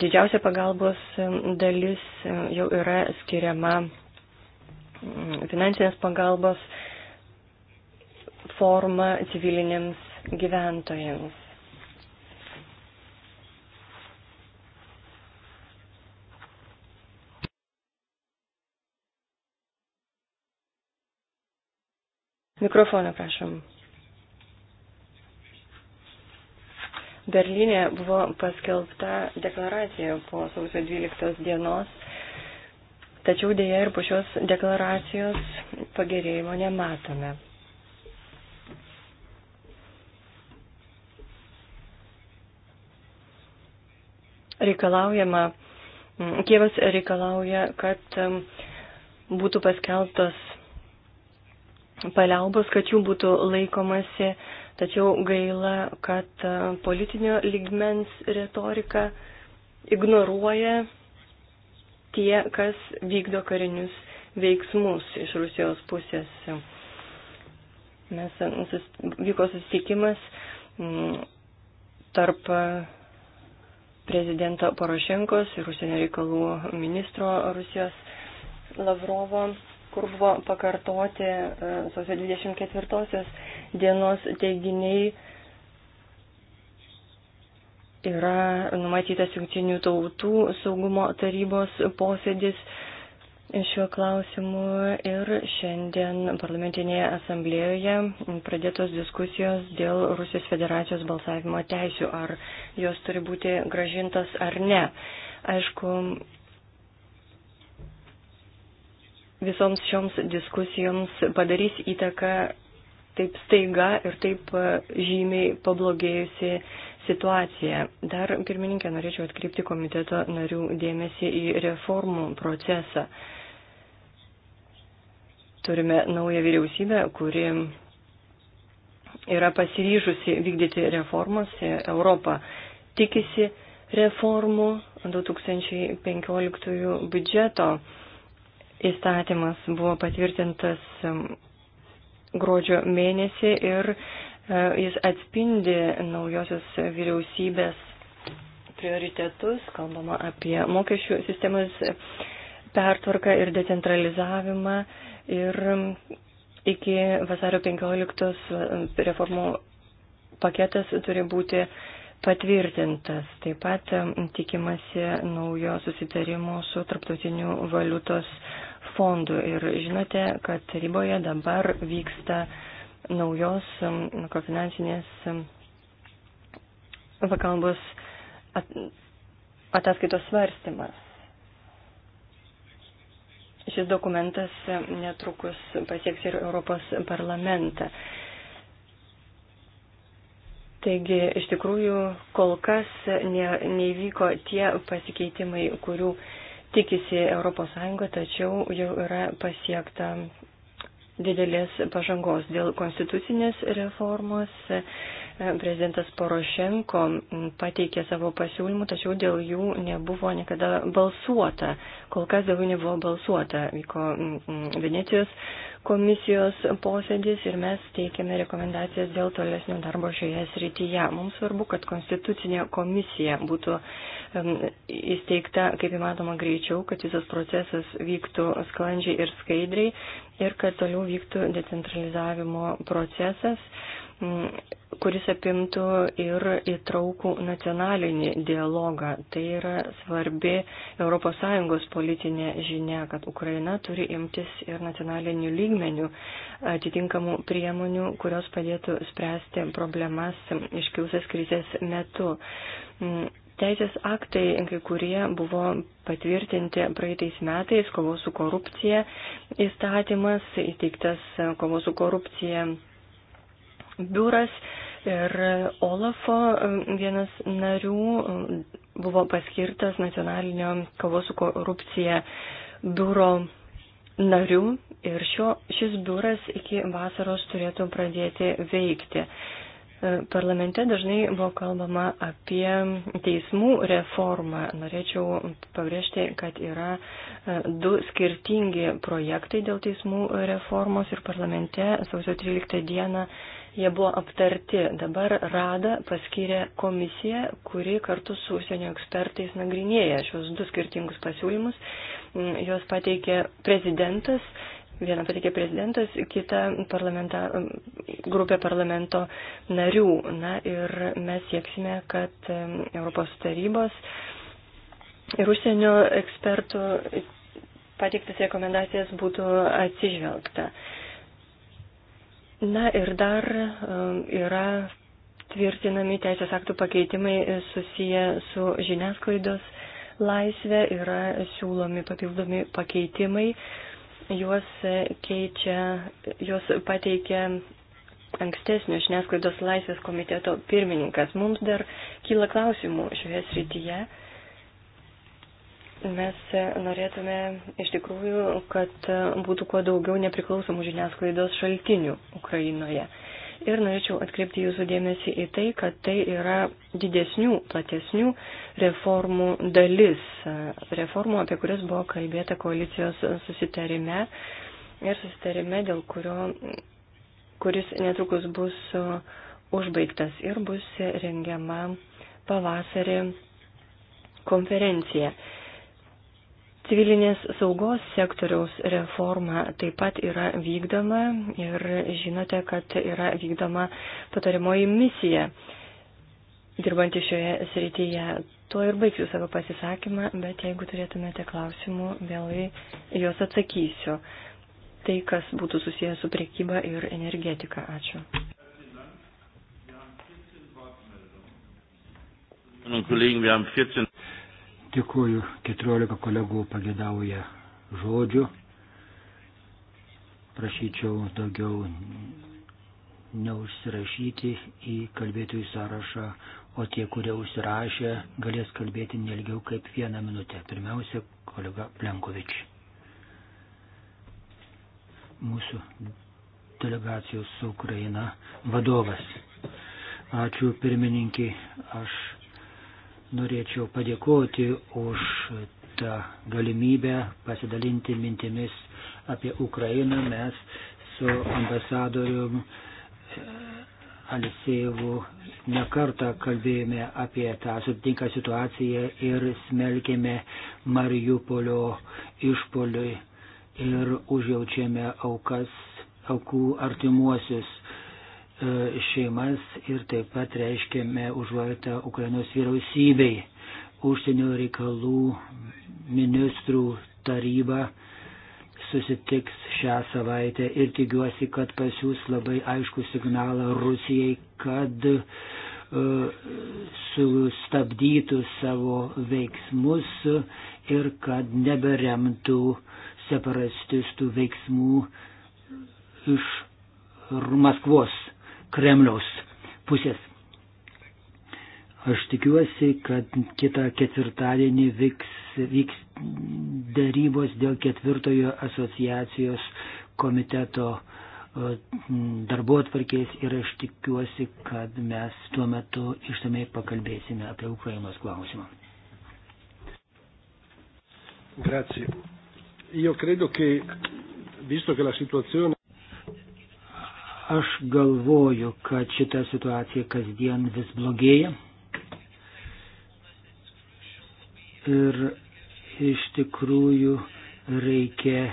didžiausia pagalbos e, dalis e, jau yra skiriama mm, finansinės pagalbos forma civiliniams gyventojams. Mikrofoną prašom. Berlyne buvo paskelbta deklaracija po sausio 12 dienos, tačiau dėja ir po šios deklaracijos pagerėjimo nematome. Reikalaujama, Kievas reikalauja, kad būtų paskelbtos paliaubos, kad jų būtų laikomasi, tačiau gaila, kad e, politinio ligmens retorika ignoruoja tie, kas vykdo karinius veiksmus iš Rusijos pusės. Mes e, sus, vyko susitikimas tarp e, prezidento Porošenkos ir užsienio reikalų ministro Rusijos Lavrovo kur buvo pakartoti e, sausio 24 dienos teiginiai, yra numatytas Junktinių tautų saugumo tarybos posėdis šiuo klausimu ir šiandien parlamentinėje asamblėjoje pradėtos diskusijos dėl Rusijos federacijos balsavimo teisių, ar jos turi būti gražintas ar ne. Aišku, visoms šioms diskusijoms padarys įtaką taip staiga ir taip e, žymiai pablogėjusi situacija. Dar, pirmininkė, norėčiau atkreipti komiteto narių dėmesį į reformų procesą. Turime naują vyriausybę, kuri yra pasiryžusi vykdyti reformas. Europa tikisi reformų 2015 biudžeto įstatymas buvo patvirtintas gruodžio mėnesį ir e, jis atspindi naujosios vyriausybės prioritetus, kalbama apie mokesčių sistemas pertvarką ir decentralizavimą ir iki vasario 15 e, reformų paketas turi būti patvirtintas. Taip pat tikimasi naujo susitarimo su Tarptautiniu valiutos fondų. Ir žinote, kad taryboje dabar vyksta naujos makrofinansinės um, um, pakalbos ataskaitos svarstymas. Šis dokumentas netrukus pasieks ir Europos parlamentą. Taigi, iš tikrųjų, kol kas ne, neįvyko tie pasikeitimai, kurių tikisi ES, tačiau jau yra pasiekta didelės pažangos dėl konstitucinės reformos prezidentas Porošenko pateikė savo pasiūlymų, tačiau dėl jų nebuvo niekada balsuota. Kol kas dėl jų nebuvo balsuota. Vyko mm, mm, Venecijos komisijos posėdis ir mes teikėme rekomendacijas dėl tolesnio darbo šioje srityje. Mums svarbu, kad konstitucinė komisija būtų mm, įsteigta kaip įmanoma greičiau, kad visas procesas vyktų sklandžiai ir skaidriai ir kad toliau vyktų decentralizavimo procesas Mm, kuris apimtų ir įtraukų nacionalinį dialogą. Tai yra svarbi ES politinė žinia, kad Ukraina turi imtis ir nacionalinių lygmenių atitinkamų priemonių, kurios padėtų spręsti problemas iškilusias krizės metu. Mm, teisės aktai, kai kurie buvo patvirtinti praeitais metais, kovos su korupcija įstatymas, įteiktas kovos su korupcija biuras ir Olafo e, vienas narių e, buvo paskirtas nacionalinio kovos su korupcija biuro narių ir šio, šis biuras iki vasaros turėtų pradėti veikti. Parlamente dažnai buvo kalbama apie teismų reformą. Norėčiau pabrėžti, kad yra e, du skirtingi projektai dėl teismų reformos ir parlamente sausio 13 dieną jie buvo aptarti. Dabar Rada paskyrė komisiją, kuri kartu su užsienio ekspertais nagrinėja šios du skirtingus pasiūlymus. Mm, Jos pateikė prezidentas Vieną pateikė prezidentas, kitą parlamenta, grupė parlamento narių. Na ir mes sieksime, kad Europos tarybos ir užsienio ekspertų pateiktas rekomendacijas būtų atsižvelgta. Na ir dar yra tvirtinami teisės aktų pakeitimai susiję su žiniasklaidos laisvė, yra siūlomi papildomi pakeitimai Juos keičia, juos pateikia ankstesnio žiniasklaidos laisvės komiteto pirmininkas. Mums dar kyla klausimų šioje srityje. Mes norėtume iš tikrųjų, kad būtų kuo daugiau nepriklausomų žiniasklaidos šaltinių Ukrainoje. Ir norėčiau atkreipti jūsų dėmesį į tai, kad tai yra didesnių, platesnių reformų dalis. Reformų, apie kurias buvo kalbėta koalicijos susitarime ir susitarime, dėl kurio, kuris netrukus bus užbaigtas ir bus rengiama pavasarį konferencija. Civilinės saugos sektoriaus reforma taip pat yra vykdoma ir žinote, kad yra vykdoma patariamoji misija dirbantį šioje srityje. Tuo ir baigsiu savo pasisakymą, bet jeigu turėtumėte klausimų, vėlai juos atsakysiu. Tai, kas būtų susijęs su priekyba ir energetika. Ačiū. Kolegen, wir haben 14 Dėkuoju, 14 kolegų pagėdauja žodžių. Prašyčiau daugiau neužsirašyti į kalbėtojų sąrašą, o tie, kurie užsirašė, galės kalbėti nelgiau kaip vieną minutę. Pirmiausia, kolega Plenkovič. Mūsų delegacijos su Ukraina vadovas. Ačiū pirmininkį, aš Norėčiau padėkoti už tą galimybę pasidalinti mintimis apie Ukrainą. Mes su ambasadorium eh, Alisėjevu nekartą kalbėjome apie tą sutinką situaciją ir smelkėme Mariupolio išpoliui ir užjaučiame aukas, aukų artimuosius. E, šeimas ir taip pat reiškėme užuojotą Ukrainos vyriausybei. Užsienio reikalų ministrų taryba susitiks šią savaitę ir tikiuosi, kad pasiūs labai aišku signalą Rusijai, kad uh, sustabdytų savo veiksmus ir kad neberemtų separatistų veiksmų iš Maskvos. Kremliaus pusės. Aš tikiuosi, kad kitą ketvirtadienį vyks, vyks darybos dėl ketvirtojo asociacijos komiteto e, darbo atvarkės ir aš tikiuosi, kad mes tuo metu ištamei pakalbėsime apie Ukrainos klausimą. Grazie. Io credo che, visto che la situazione. Aš galvoju, kad šita situacija kasdien vis blogėja. Ir iš tikrųjų reikia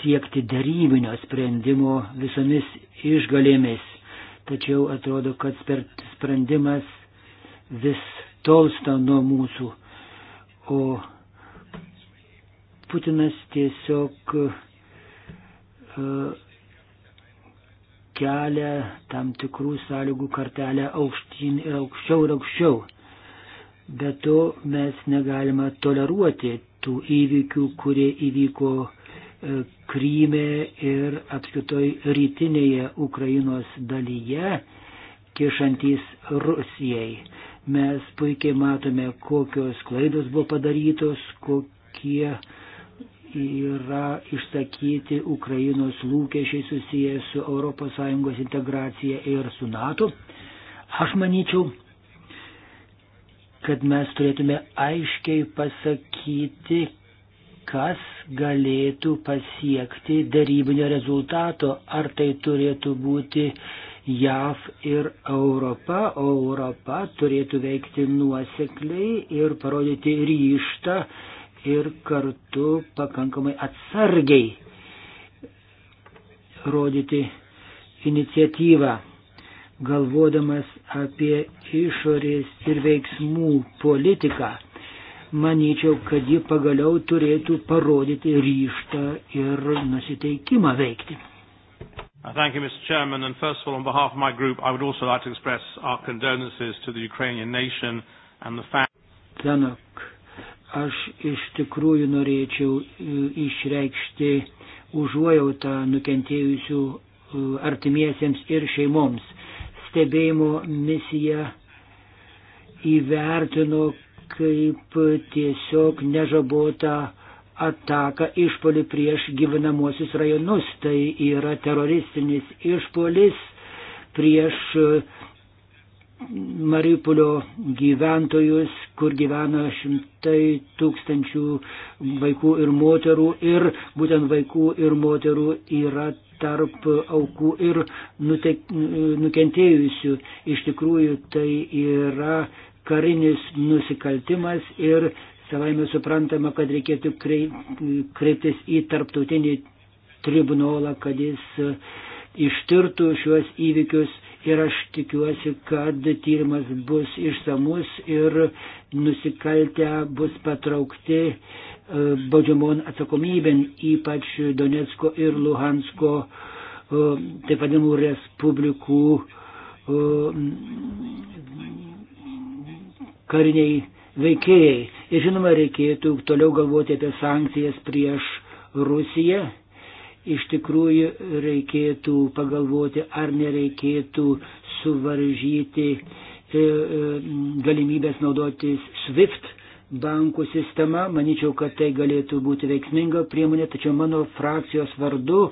siekti darybinio sprendimo visomis išgalėmis. Tačiau atrodo, kad sprendimas vis tolsta nuo mūsų. O Putinas tiesiog uh, kelia tam tikrų sąlygų kartelę aukštyn ir aukščiau ir aukščiau. Be to mes negalime toleruoti tų įvykių, kurie įvyko e, Kryme ir apskritoj rytinėje Ukrainos dalyje, kišantis Rusijai. Mes puikiai matome, kokios klaidos buvo padarytos, kokie uh, yra išsakyti Ukrainos lūkesčiai susiję su ES integracija ir su NATO. Aš manyčiau, kad mes turėtume aiškiai pasakyti, kas galėtų pasiekti darybinio rezultato, ar tai turėtų būti JAV ir Europa, o Europa turėtų veikti nuosekliai ir parodyti ryštą ir kartu pakankamai atsargiai rodyti iniciatyvą, galvodamas apie išorės ir veiksmų politiką. Manyčiau, kad ji pagaliau turėtų parodyti ryštą ir nusiteikimą veikti. Uh, thank you, Mr. Chairman. And first of all, on behalf of my group, I would also like to express our condolences to the Ukrainian nation and the family. Tanok Aš iš tikrųjų norėčiau e, išreikšti užuojautą nukentėjusių e, artimiesiems ir šeimoms. Stebėjimo misija įvertino kaip tiesiog nežabotą ataką išpolį prieš gyvenamosius rajonus. Tai yra teroristinis išpolis prieš uh, Mariupolio gyventojus, kur gyvena šimtai tūkstančių vaikų ir moterų ir būtent vaikų ir moterų yra tarp aukų ir nutek, nukentėjusių. Iš tikrųjų tai yra karinis nusikaltimas ir savaime suprantama, kad reikėtų kreiptis į tarptautinį tribunolą, kad jis ištirtų šiuos įvykius ir aš tikiuosi, kad tyrimas bus išsamus ir nusikaltę bus patraukti e, baudžiamon atsakomybėn, ypač Donetsko ir Luhansko e, taip vadinamų respublikų e, kariniai veikėjai. Ir žinoma, reikėtų toliau galvoti apie sankcijas prieš Rusiją iš tikrųjų reikėtų pagalvoti, ar nereikėtų suvaržyti e, e, galimybės naudotis SWIFT bankų sistema. Maničiau, kad tai galėtų būti veiksminga priemonė, tačiau mano frakcijos vardu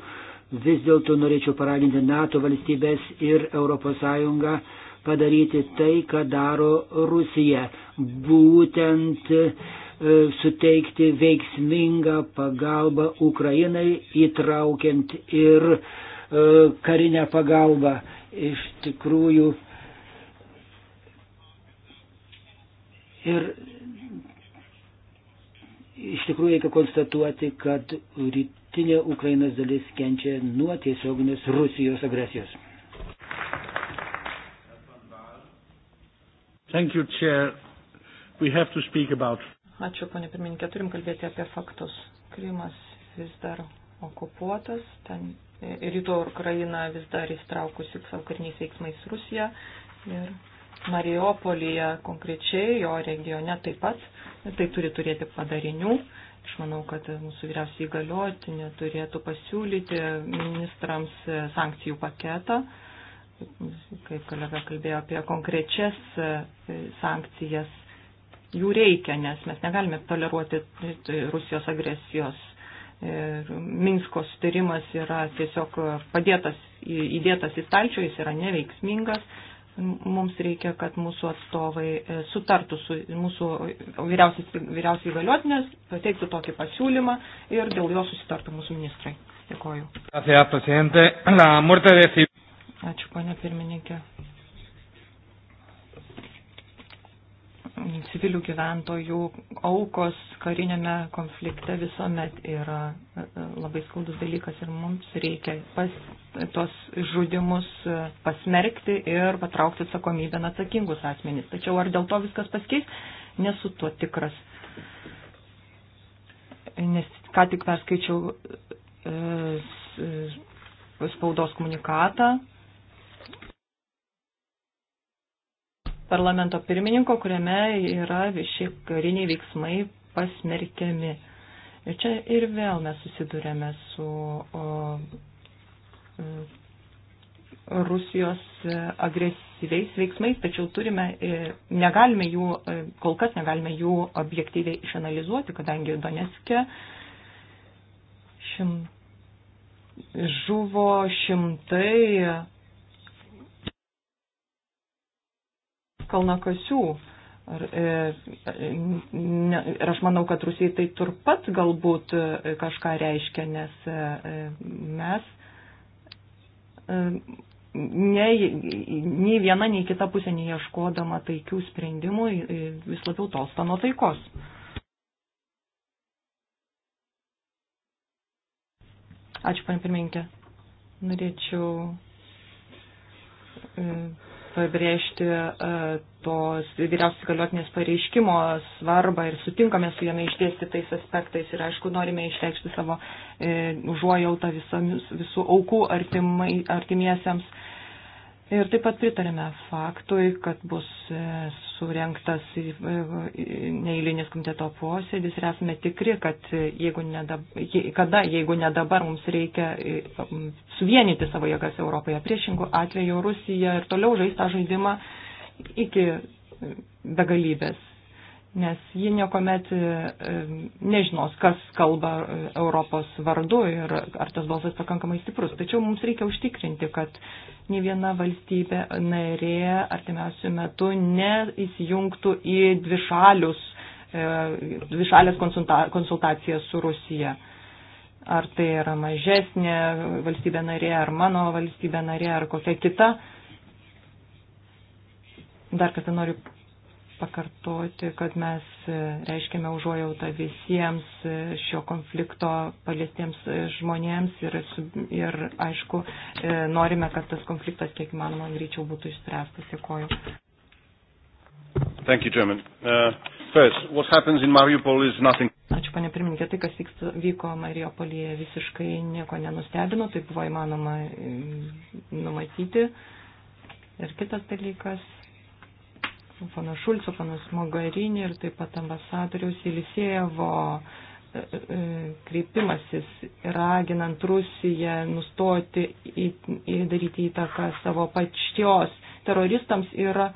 vis dėlto norėčiau paraginti NATO valstybės ir ES padaryti tai, ką daro Rusija. Būtent E, suteikti veiksmingą pagalbą Ukrainai, įtraukiant ir e, karinę pagalbą. Iš tikrųjų. Ir iš tikrųjų reikia konstatuoti, kad rytinė Ukrainos dalis kenčia nuo tiesioginės Rusijos agresijos. Thank you, Chair. We have to speak about Ačiū, ponė pirmininkė. Turim kalbėti apie faktus. Krymas vis dar okupuotas, ten e, rytų Ukraina vis dar įstraukusi savo kariniais veiksmais Rusiją ir Mariupolyje konkrečiai, jo regione taip pat, tai turi turėti padarinių. Aš manau, kad mūsų vyriausiai įgaliotinė turėtų pasiūlyti ministrams e, sankcijų paketą, kaip kolega kalbėjo apie konkrečias e, sankcijas jų reikia, nes mes negalime toleruoti Rusijos agresijos. Ir Minsko sutarimas yra tiesiog padėtas, įdėtas į stalčių, jis yra neveiksmingas. Mums reikia, kad mūsų atstovai e, sutartų su mūsų vyriausiai galiotinės, pateiktų tokį pasiūlymą ir dėl jo susitartų mūsų ministrai. Dėkoju. Ačiū, ponia pirmininkė. civilių gyventojų aukos karinėme konflikte visuomet yra e, e, labai skaudus dalykas ir mums reikia pas, tos žudimus e, pasmerkti ir patraukti atsakomybę atsakingus asmenys. Tačiau ar dėl to viskas pasikeis, nesu tuo tikras. Nes ką tik perskaičiau spaudos komunikatą parlamento pirmininko, kuriame yra visi kariniai veiksmai pasmerkiami. Ir čia ir vėl mes susidurėme su o, e, Rusijos agresyviais veiksmais, tačiau turime, e, negalime jų, e, kol kas negalime jų objektyviai išanalizuoti, kadangi Donetskė šim, žuvo šimtai kalnakasių. Ir, e, ir aš manau, kad Rusijai tai turpat galbūt e, kažką reiškia, nes e, mes nei, nei viena, nei kita pusė neieškodama taikių sprendimų vis labiau tolsta nuo taikos. Ačiū, pan pirmininkė. Norėčiau pabrėžti e, tos vyriausios galiotinės pareiškimo svarbą ir sutinkame su jame išdėsti tais aspektais ir aišku norime išreikšti savo e, užuojautą visomis, visų aukų artimai, artimiesiems. Ir taip pat pritarėme faktui, kad bus e, surinktas neįlinis komiteto posėdis ir esame tikri, kad jeigu ne dabar, kada, jeigu ne dabar, mums reikia suvienyti savo jėgas Europoje. Priešingų atveju Rusija ir toliau žais tą žaidimą iki begalybės nes ji niekuomet e, nežinos, kas kalba e, Europos vardu ir ar tas balsas pakankamai stiprus. Tačiau mums reikia užtikrinti, kad ne viena valstybė narė artimiausių metų neįsijungtų į dvišalius, e, dvišalės konsulta, konsultacijas su Rusija ar tai yra mažesnė valstybė narė, ar mano valstybė narė, ar kokia kita. Dar kartą noriu pakartoti, kad mes reiškiame užuojautą visiems šio konflikto paliestiems žmonėms ir, ir aišku, e, norime, kad tas konfliktas kiek manoma greičiau būtų išspręstas. Dėkoju. Thank you, Chairman. Uh, first, what happens in Mariupol is nothing. Ačiū, panė pirmininkė, tai, kas vyksta, vyko Mariupolyje, visiškai nieko nenustebino, tai buvo įmanoma e, numatyti. Ir kitas dalykas, pono Šulco, ponas Mogarinį ir taip pat ambasadoriaus Ilisėjevo e, e, kreipimasis, raginant Rusiją nustoti į, į daryti įtaką savo pačios teroristams yra,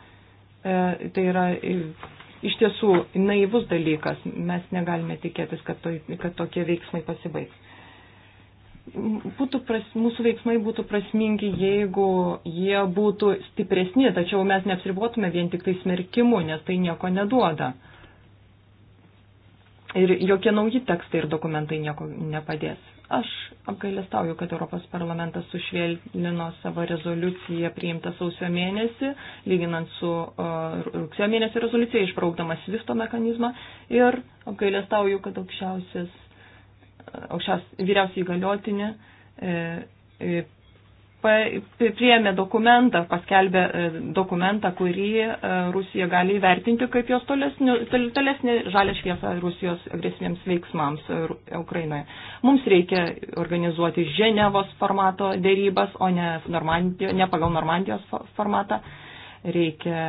e, tai yra e, iš tiesų naivus dalykas. Mes negalime tikėtis, kad, to, kad tokie veiksmai pasibaigs būtų pras, mūsų veiksmai būtų prasmingi, jeigu jie būtų stipresni, tačiau mes neapsiribotume vien tik tai smerkimu, nes tai nieko neduoda. Ir jokie nauji tekstai ir dokumentai nieko nepadės. Aš apgailestauju, kad Europos parlamentas sušvelnino savo rezoliuciją priimtą sausio mėnesį, lyginant su uh, rugsėjo mėnesio rezoliucija, išbraukdamas visto mechanizmą. Ir apgailestauju, kad aukščiausias vyriausiai galiotinė e, e, priėmė dokumentą, paskelbė e, dokumentą, kurį Rusija gali įvertinti kaip jos tolesnį, tolesnį žalę šviesą Rusijos agresiniams veiksmams Ukrainoje. Mums reikia organizuoti Ženevos formato dėrybas, o ne, ne pagal Normandijos formatą. Reikia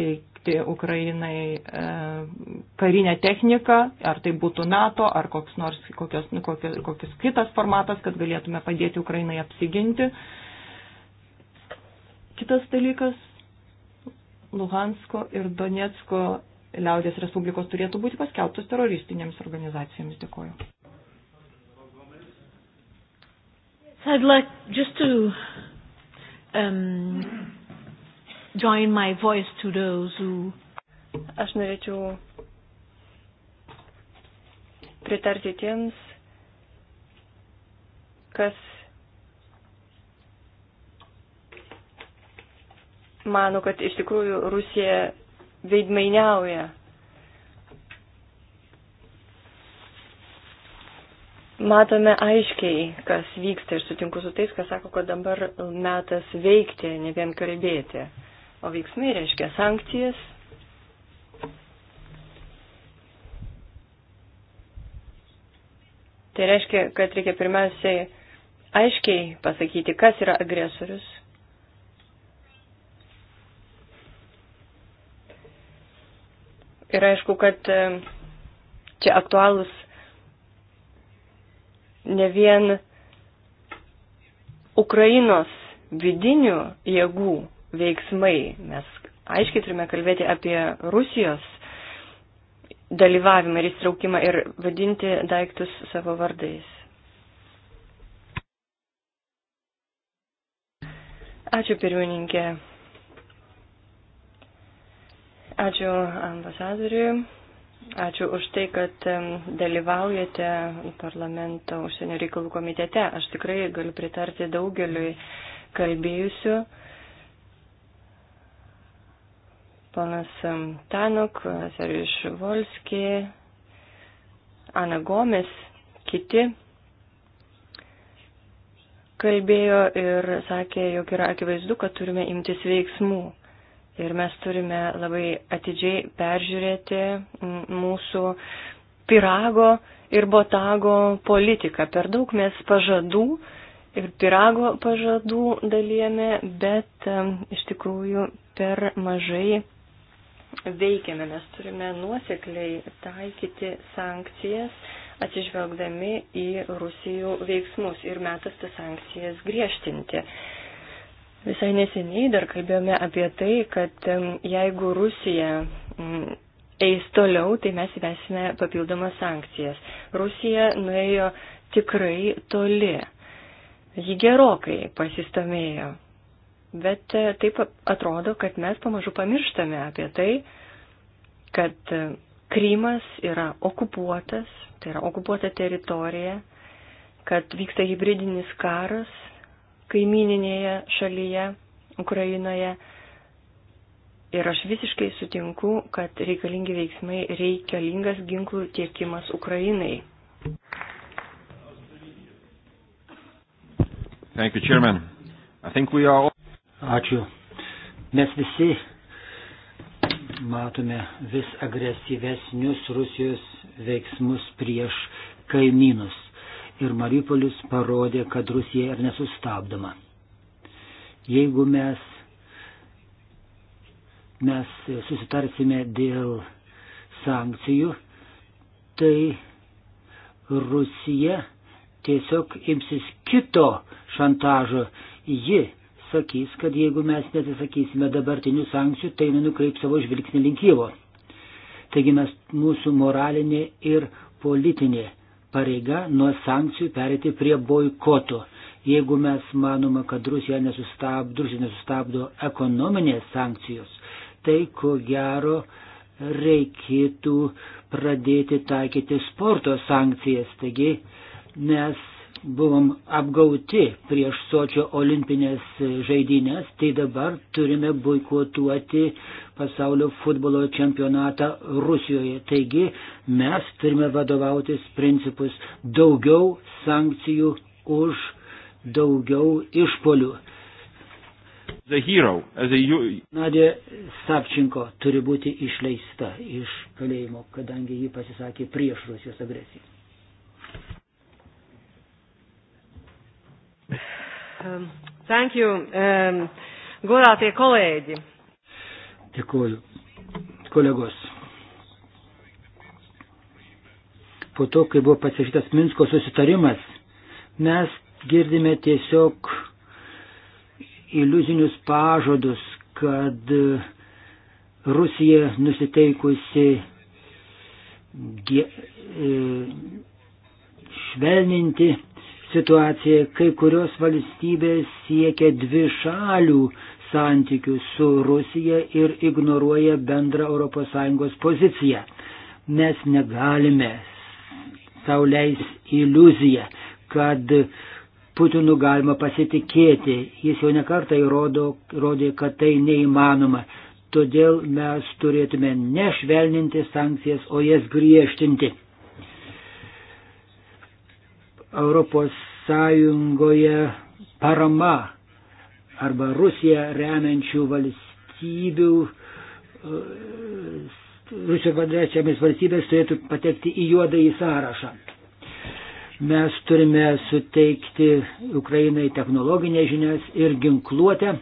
teikti Ukrainai e, karinę techniką, ar tai būtų NATO, ar koks nors kokios, nu, kokios, kokios kitas formatas, kad galėtume padėti Ukrainai apsiginti. Kitas dalykas, Luhansko ir Donetsko liaudės respublikos turėtų būti paskelbtos teroristinėms organizacijoms. Dėkuoju. I'd like just to um, join my voice to those who. Aš norėčiau pritarti tiems, kas mano, kad iš tikrųjų Rusija veidmainiauja. Matome aiškiai, kas vyksta ir sutinku su tais, kas sako, kad dabar metas veikti, ne vien kalbėti. O veiksmai reiškia sankcijas. Tai reiškia, kad reikia pirmiausiai aiškiai pasakyti, kas yra agresorius. Ir aišku, kad e, čia aktualūs ne vien Ukrainos vidinių jėgų veiksmai. Mes aiškiai turime kalbėti apie Rusijos dalyvavimą ir įstraukimą ir vadinti daiktus savo vardais. Ačiū pirmininkė. Ačiū ambasadoriui. Ačiū už tai, kad dalyvaujate parlamento užsienio reikalų komitete. Aš tikrai galiu pritarti daugeliui kalbėjusių ponas Tanok, Sergiš Volski, Ana Gomes, kiti kalbėjo ir sakė, jog yra akivaizdu, kad turime imtis veiksmų. Ir mes turime labai atidžiai peržiūrėti mūsų pirago ir botago politiką. Per daug mes pažadų ir pirago pažadų dalyjame, bet iš tikrųjų per mažai veikiame. Mes turime nuosekliai taikyti sankcijas, atsižvelgdami į Rusijų veiksmus ir metas tas sankcijas griežtinti. Visai neseniai dar kalbėjome apie tai, kad jeigu Rusija eis toliau, tai mes įvesime papildomas sankcijas. Rusija nuėjo tikrai toli. Ji gerokai pasistomėjo Bet e, taip atrodo, kad mes pamažu pamirštame apie tai, kad e, Krymas yra okupuotas, tai yra okupuota teritorija, kad vyksta hybridinis karas kaimininėje šalyje, Ukrainoje. Ir aš visiškai sutinku, kad reikalingi veiksmai reikalingas ginklų tiekimas Ukrainai. Thank you, Chairman. I think we are all... Ačiū. Mes visi matome vis agresyvesnius Rusijos veiksmus prieš kaimynus. Ir Mariupolis parodė, kad Rusija yra nesustabdoma. Jeigu mes, mes susitarsime dėl sankcijų, tai Rusija tiesiog imsis kito šantažo. Ji sakys, kad jeigu mes nesisakysime dabartinių sankcijų, tai nenukreips savo žvilgsnį link Kievo. Taigi mes, mūsų moralinė ir politinė pareiga nuo sankcijų perėti prie boikoto. Jeigu mes manome, kad Rusija nesustabdo, Rusija nesustabdo ekonominės sankcijos, tai ko gero reikėtų pradėti taikyti sporto sankcijas. Taigi mes buvom apgauti prieš Sočio olimpinės žaidynės, tai dabar turime boikotuoti pasaulio futbolo čempionatą Rusijoje. Taigi mes turime vadovautis principus daugiau sankcijų už daugiau išpolių. Hero, you... Nadė Savčinko turi būti išleista iš kalėjimo, kadangi ji pasisakė prieš Rusijos agresiją. Um, thank you. Um, Godātie kolēģi. Dėkuoju. Kolegos. Po to, kai buvo pasirašytas Minsko susitarimas, mes girdime tiesiog iliuzinius pažadus, kad uh, Rusija nusiteikusi uh, uh, švelninti situacija. Kai kurios valstybės siekia dvi šalių santykių su Rusija ir ignoruoja bendrą ES poziciją. Mes negalime sauliais iliuziją, kad Putinų galima pasitikėti. Jis jau nekartą įrodo, rodė, kad tai neįmanoma. Todėl mes turėtume nešvelninti sankcijas, o jas griežtinti. Europos Sąjungoje parama arba Rusiją remiančių valstybių, e, Rusijos vadrečiamis valstybės turėtų patekti į juodąjį sąrašą. Mes turime suteikti Ukrainai technologinės žinias ir ginkluotę.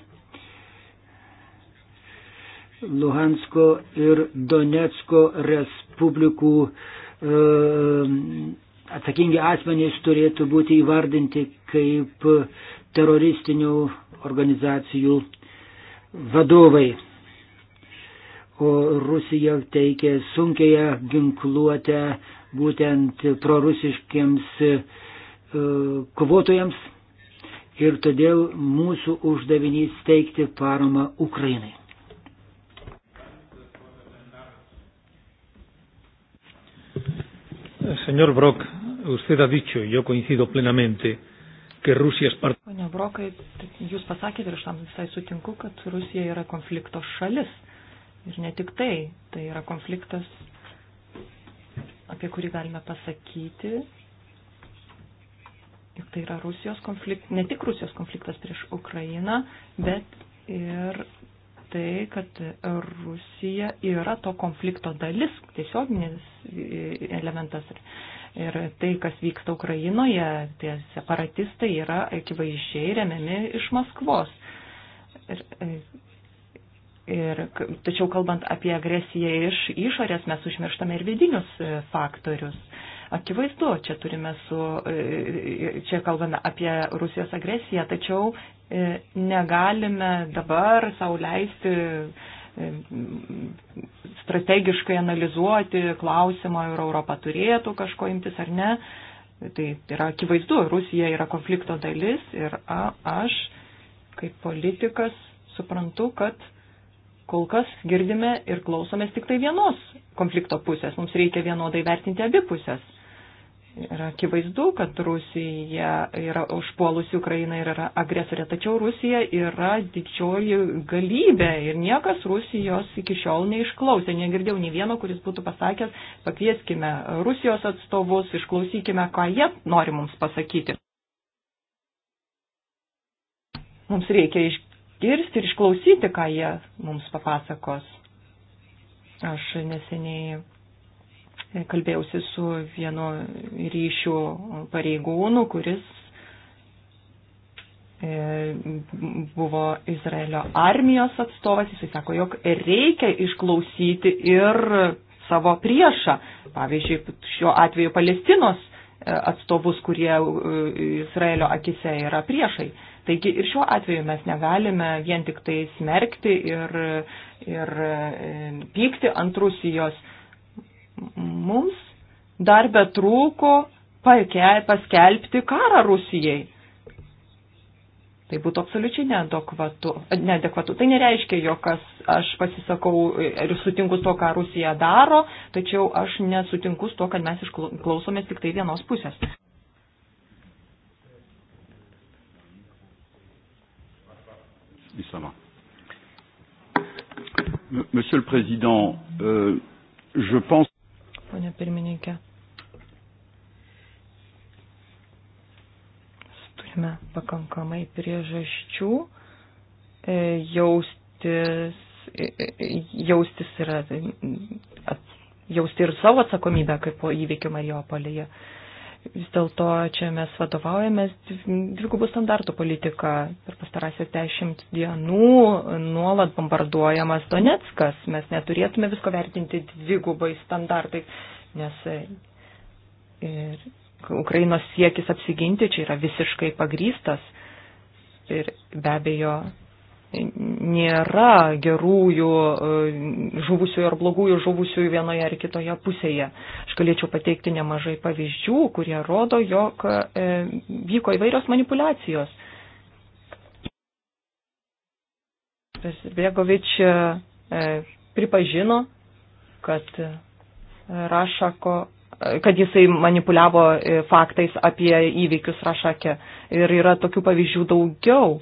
Luhansko ir Donetsko respublikų e, atsakingi asmenys turėtų būti įvardinti kaip teroristinių organizacijų vadovai. O Rusija teikia sunkiają ginkluotę būtent prorusiškiams e, kovotojams ir todėl mūsų uždavinys teikti paramą Ukrainai. Señor Brock, usted ha dicho, y yo coincido plenamente, que Rusija es parte. Pone Brokai, jūs pasakėte ir aš tam visai sutinku, kad Rusija yra konflikto šalis. Ir ne tik tai, tai yra konfliktas, apie kurį galime pasakyti, juk tai yra Rusijos konfliktas, ne tik Rusijos konfliktas prieš Ukrainą, bet ir tai, kad Rusija yra to konflikto dalis, tiesioginis e, elementas. Ir tai, kas vyksta Ukrainoje, tie separatistai yra akivaizdžiai remiami iš Maskvos. Ir, ir, tačiau kalbant apie agresiją iš išorės, mes užmirštame ir vidinius e, faktorius. Akivaizdu, čia turime su, e, e, čia kalbame apie Rusijos agresiją, tačiau negalime dabar sauliaisti strategiškai analizuoti klausimą, ar Europa turėtų kažko imtis ar ne. Tai yra akivaizdu, Rusija yra konflikto dalis ir a, aš kaip politikas suprantu, kad kol kas girdime ir klausomės tik tai vienos konflikto pusės. Mums reikia vienodai vertinti abi pusės. Yra akivaizdu, kad Rusija yra užpuolusi Ukrainą ir yra agresorė, tačiau Rusija yra didžioji galybė ir niekas Rusijos iki šiol neišklausė. Negirdėjau nei vieno, kuris būtų pasakęs, pakvieskime Rusijos atstovus, išklausykime, ką jie nori mums pasakyti. Mums reikia išgirsti ir išklausyti, ką jie mums papasakos. Aš neseniai kalbėjausi su vienu ryšių pareigūnu, kuris e, buvo Izraelio armijos atstovas, jisai sako, jog reikia išklausyti ir savo priešą, pavyzdžiui, šiuo atveju Palestinos e, atstovus, kurie e, Izraelio akise yra priešai. Taigi ir šiuo atveju mes negalime vien tik tai smerkti ir, ir pykti ant Rusijos mums dar betrūko paskelbti karą Rusijai. Tai būtų absoliučiai neadekvatu. neadekvatu. Tai nereiškia, jog aš pasisakau ir sutinku su to, ką Rusija daro, tačiau aš nesutinku su to, kad mes išklausomės tik tai vienos pusės. Isama. Monsieur le Président, euh, je pense ponė pirmininkė. Turime pakankamai priežasčių e, jaustis, e, e, jaustis yra, jausti ir savo atsakomybę, kaip po įvykių Marijopolėje. Vis dėlto čia mes vadovaujamės dvigubų standartų politiką. Per pastarąsias dešimt dienų nuolat bombarduojamas Donetskas. Mes neturėtume visko vertinti dvigubai standartai, nes e, ir Ukrainos siekis apsiginti čia yra visiškai pagrystas. Ir be abejo, nėra gerųjų e, žuvusiųjų ar blogųjų žuvusiųjų vienoje ar kitoje pusėje. Aš galėčiau pateikti nemažai pavyzdžių, kurie rodo, jog e, vyko įvairios manipulacijos. Bėgovič e, pripažino, kad Rašako kad jisai manipuliavo faktais apie įvykius Rašake. Ir yra tokių pavyzdžių daugiau.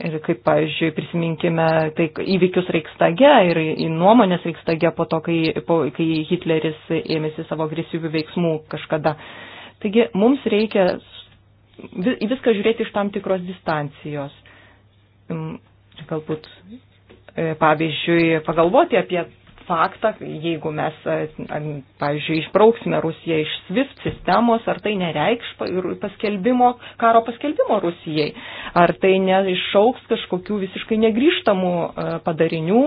Ir kaip, pavyzdžiui, prisiminkime tai įvykius Reikstage ir į nuomonės Reikstage po to, kai, po, kai Hitleris ėmėsi savo agresyvių veiksmų kažkada. Taigi mums reikia į viską žiūrėti iš tam tikros distancijos. Mm, galbūt, e, pavyzdžiui, pagalvoti apie faktą, jeigu mes, e, pavyzdžiui, išbrauksime Rusiją iš SWIFT sistemos, ar tai nereikš paskelbimo, karo paskelbimo Rusijai, ar tai neišauks kažkokių visiškai negryžtamų e, padarinių,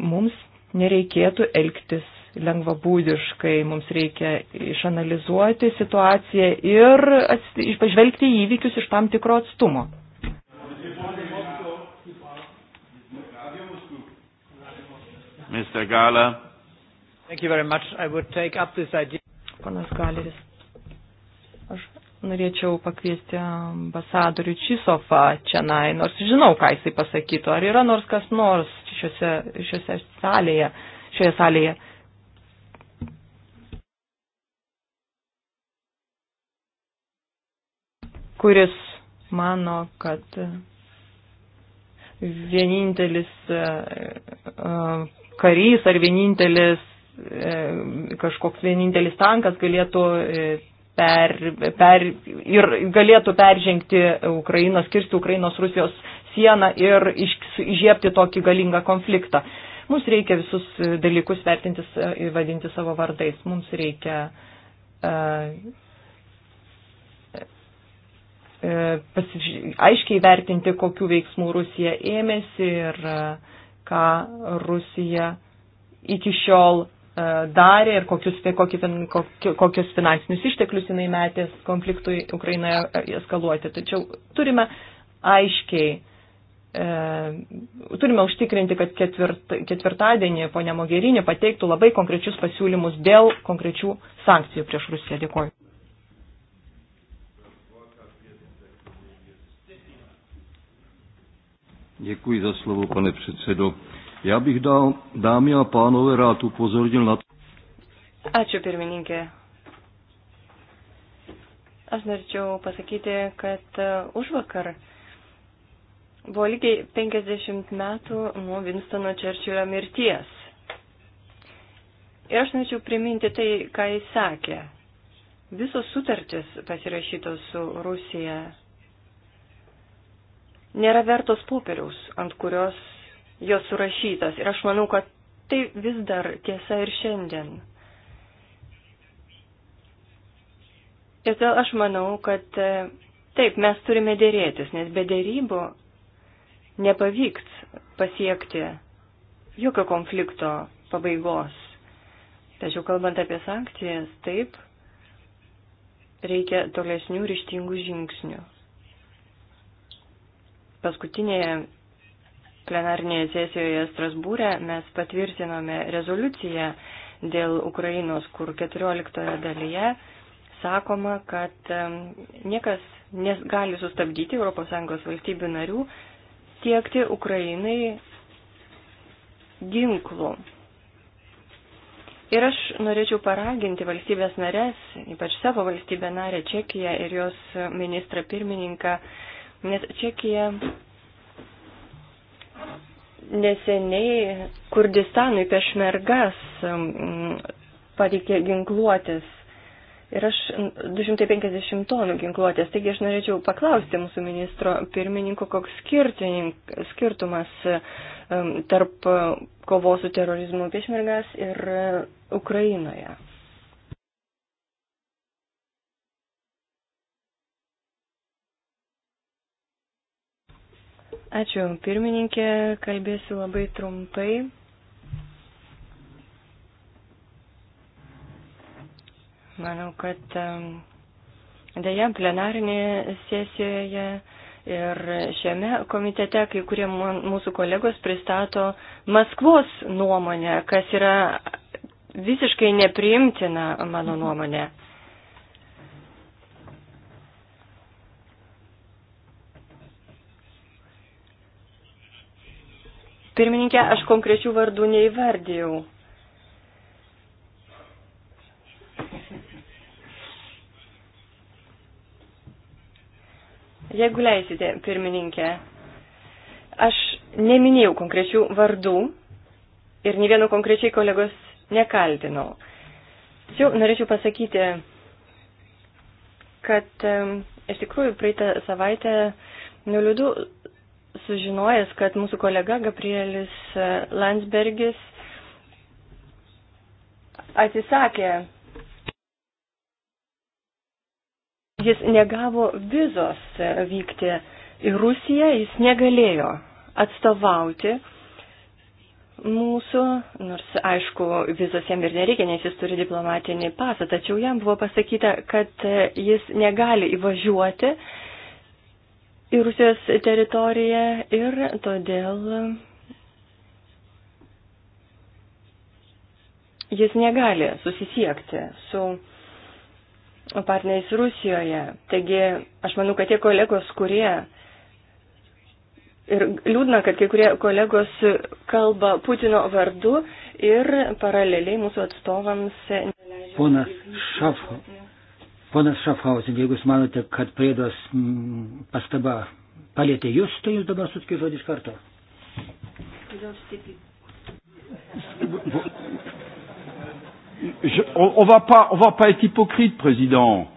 mums nereikėtų elgtis lengvabūdiškai, mums reikia išanalizuoti situaciją ir pažvelgti į įvykius iš tam tikro atstumo. Mr. Gala. Thank you very much. I would take up this idea. Panas Galeris. Aš norėčiau pakviesti ambasadorių Čisofą čia, nors žinau, ką jisai pasakytų. Ar yra nors kas nors šiuose, šiuose salėje, šioje salėje? kuris mano, kad vienintelis e, e, karys ar vienintelis, e, kažkoks vienintelis tankas galėtų, e, per, per, ir galėtų peržengti Ukrainos, kirsti Ukrainos Rusijos sieną ir išžiepti tokį galingą konfliktą. Mums reikia visus dalykus vertinti e, ir vadinti savo vardais. Mums reikia aiškiai vertinti, kokiu veiksmu Rusija ėmėsi ir uh, ką Rusija iki šiol e, darė ir kokius, tai, kokį, kokius finansinius išteklius jinai metė konfliktui Ukrainoje e, eskaluoti. Tačiau turime aiškiai, e, turime užtikrinti, kad ketvirt, ketvirtadienį ponia Mogerinė pateiktų labai konkrečius pasiūlymus dėl konkrečių sankcijų prieš Rusiją. Dėkuoju. Děkuji za slovo, pane předsedo. Já bych dal, dámy a pánové, rád upozornil na to. Ačiū pirmininkė. Aš norėčiau pasakyti, kad e, už vakar buvo lygiai 50 metų nuo Vinstono Čerčilio mirties. Ir aš norėčiau priminti tai, ką jis sakė. Visos sutartys pasirašytos su Rusija nėra vertos popieriaus, ant kurios jos surašytas. Ir aš manau, kad tai vis dar tiesa ir šiandien. Ir todėl aš manau, kad e, taip, mes turime dėrėtis, nes be dėrybų nepavyks pasiekti jokio konflikto pabaigos. Tačiau kalbant apie sankcijas, taip, reikia tolesnių ryštingų žingsnių paskutinėje plenarnėje sesijoje Strasbūrė mes patvirtinome rezoliuciją dėl Ukrainos, kur 14 dalyje sakoma, kad niekas negali sustabdyti ES valstybių narių tiekti Ukrainai ginklų. Ir aš norėčiau paraginti valstybės narės, ypač savo valstybę narę Čekiją ir jos ministrą pirmininką, Nes Čekija neseniai Kurdistanui pešmergas um, pateikė ginkluotis. Ir aš 250 tonų ginkluotės. Taigi aš norėčiau paklausti mūsų ministro pirmininko, koks skirtumas um, tarp kovos su terorizmu pešmergas ir uh, Ukrainoje. Ačiū, pirmininkė, kalbėsiu labai trumpai. Manau, kad dėja plenarinėje sesijoje ir šiame komitete kai kurie mūsų kolegos pristato Maskvos nuomonę, kas yra visiškai nepriimtina mano nuomonė. Pirmininkė, aš konkrečių vardų neįvardėjau. Jeigu leisite, pirmininkė, aš neminėjau konkrečių vardų ir ne vieno konkrečiai kolegos nekaltinau. Čia norėčiau pasakyti, kad iš tikrųjų praeitą savaitę nuliūdų sužinojęs, kad mūsų kolega Gabrielis Landsbergis atsisakė. Jis negavo vizos vykti į Rusiją, jis negalėjo atstovauti mūsų, nors aišku, vizos jam ir nereikia, nes jis turi diplomatinį pasą, tačiau jam buvo pasakyta, kad jis negali įvažiuoti į Rusijos teritoriją ir todėl jis negali susisiekti su partneriais Rusijoje. Taigi aš manau, kad tie kolegos, kurie ir liūdna, kad kai kurie kolegos kalba Putino vardu ir paraleliai mūsų atstovams. Ponas Šafo, Ponas Šafhausen, jeigu jūs manote, kad priedos pastaba palėtė jūs, tai jūs dabar sutkį žodį iš karto. Je, on, on va pas, on va pas être hypocrite, président.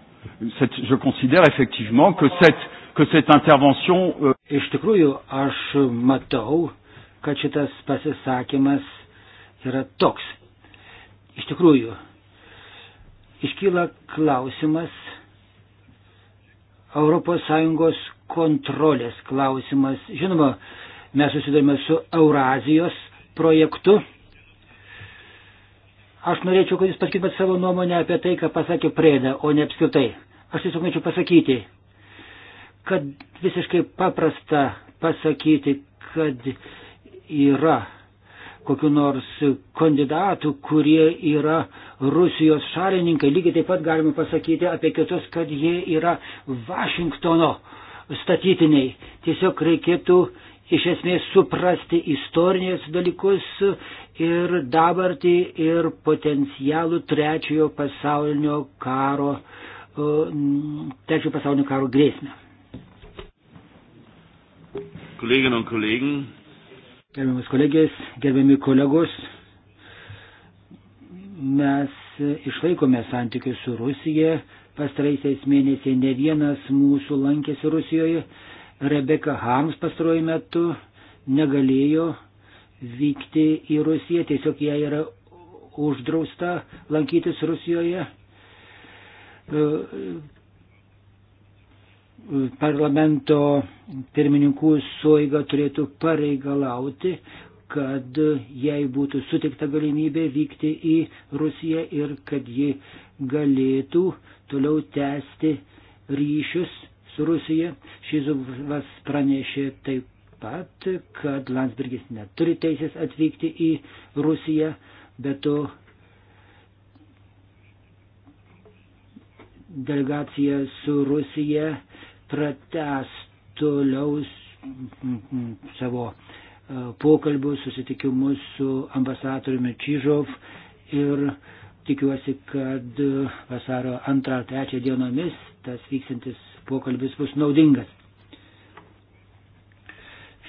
Cette, je considère effectivement que cette, que cette intervention. Euh... Iš tikrųjų, aš matau, kad šitas pasisakymas yra toks. Iš tikrųjų, iškyla klausimas ES kontrolės klausimas. Žinoma, mes susidurime su Eurazijos projektu. Aš norėčiau, kad jūs pasakytumėt savo nuomonę apie tai, ką pasakė Prėda, o ne apskritai. Aš tiesiog norėčiau pasakyti, kad visiškai paprasta pasakyti, kad yra kokiu nors kandidatu, kurie yra Rusijos šalininkai. Lygiai taip pat galima pasakyti apie kitus, kad jie yra Vašingtono statytiniai. Tiesiog reikėtų iš esmės suprasti istorinės dalykus ir dabartį ir potencialų trečiojo pasaulinio karo, e, trečiojo pasaulinio karo grėsmę. Kolleginnen und Kollegen, Gerbiamas kolegės, gerbiami kolegos, mes išlaikome santykius su Rusija. Pastaraisiais mėnesiais ne vienas mūsų lankėsi Rusijoje. Rebeka Harms pastaruoju metu negalėjo vykti į Rusiją, tiesiog jai yra uždrausta lankytis Rusijoje parlamento pirmininkų suiga turėtų pareigalauti, kad jai būtų sutikta galimybė vykti į Rusiją ir kad ji galėtų toliau tęsti ryšius su Rusija. Šizuvas pranešė taip pat, kad Landsbergis neturi teisės atvykti į Rusiją, bet to delegacija su Rusija prates toliau savo e, pokalbius, susitikimus su ambasadoriumi Čyžov ir tikiuosi, kad e, vasaro 2-3 dienomis tas vyksintis pokalbis bus naudingas.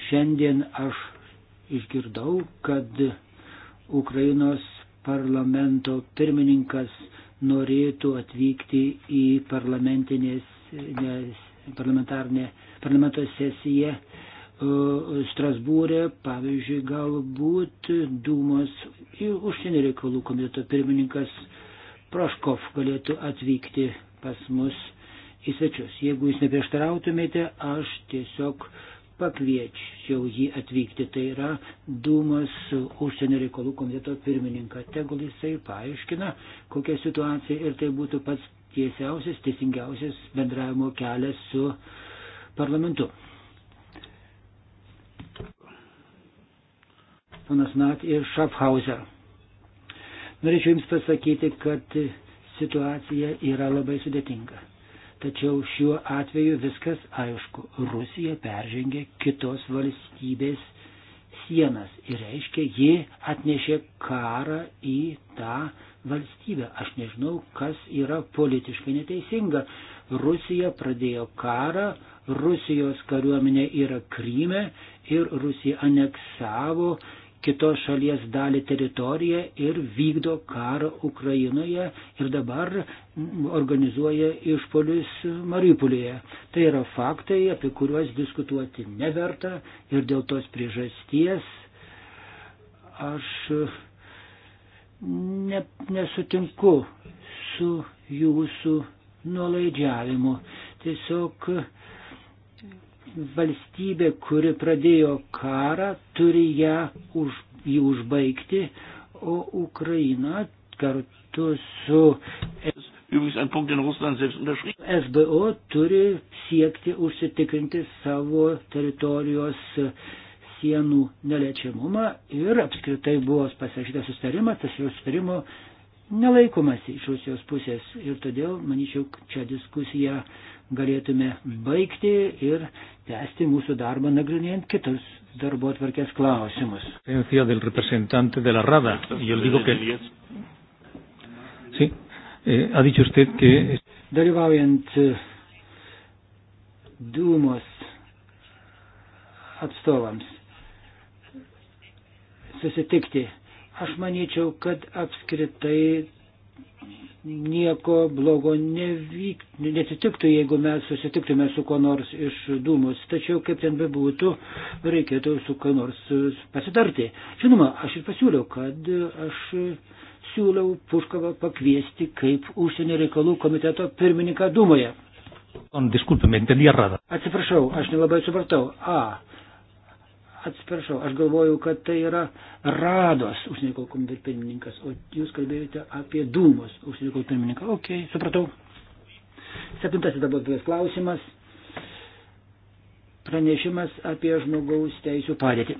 Šiandien aš išgirdau, kad Ukrainos parlamento pirmininkas norėtų atvykti į parlamentinės parlamento sesiją e, Strasbūrė, pavyzdžiui, galbūt Dūmos ir užsienio reikalų komiteto pirmininkas Proškov galėtų atvykti pas mus į svečius. Jeigu jūs neprieštarautumėte, aš tiesiog pakviečiau jį atvykti. Tai yra Dūmas užsienio reikalų komiteto pirmininką. Tegul jisai paaiškina, kokia situacija ir tai būtų pats tiesiausias, teisingiausias bendravimo kelias su parlamentu. Panas Nat ir Schaffhauser. Norėčiau Jums pasakyti, kad situacija yra labai sudėtinga. Tačiau šiuo atveju viskas aišku. Rusija peržengė kitos valstybės sienas ir reiškia, ji atnešė karą į tą valstybę. Aš nežinau, kas yra politiškai neteisinga. Rusija pradėjo karą, Rusijos kariuomenė yra Kryme ir Rusija aneksavo kitos šalies dalį teritoriją ir vykdo karą Ukrainoje ir dabar organizuoja išpolius Mariupolėje. Tai yra faktai, apie kuriuos diskutuoti neverta ir dėl tos priežasties aš ne, nesutinku su jūsų nuolaidžiavimu. Tiesiog uh, valstybė, kuri pradėjo karą, turi ją už, jį užbaigti, o Ukraina kartu su SBO turi siekti užsitikrinti savo teritorijos sienų neliečiamumą ir apskritai buvo pasirašytas sustarimas, tas jau sustarimo nelaikomas iš Rusijos pusės ir todėl, manyčiau, čia diskusija galėtume baigti ir tęsti mūsų darbą nagrinėjant kitus darbo atvarkės klausimus. del representante de la Rada. Yo digo que... Sí. Eh, ha dicho usted que... Dalyvaujant eh, Dūmos atstovams susitikti, aš manyčiau, kad apskritai nieko blogo nevyk, netitiktų, jeigu mes susitiktume su kuo nors iš dūmus. Tačiau, kaip ten bebūtų, reikėtų su kuo nors pasitarti. Žinoma, aš ir pasiūliau, kad aš siūliau Puškovą pakviesti kaip užsienio reikalų komiteto pirmininką dūmoje. Disculpe, me entendí errada. Atsiprašau, aš nelabai supratau. A, Atsiprašau, aš galvojau, kad tai yra rados užsienio reikalų pirmininkas, o jūs kalbėjote apie dūmos užsienio reikalų pirmininką. Ok, supratau. Septintasis dabar buvęs klausimas. Pranešimas apie žmogaus teisų padėtį.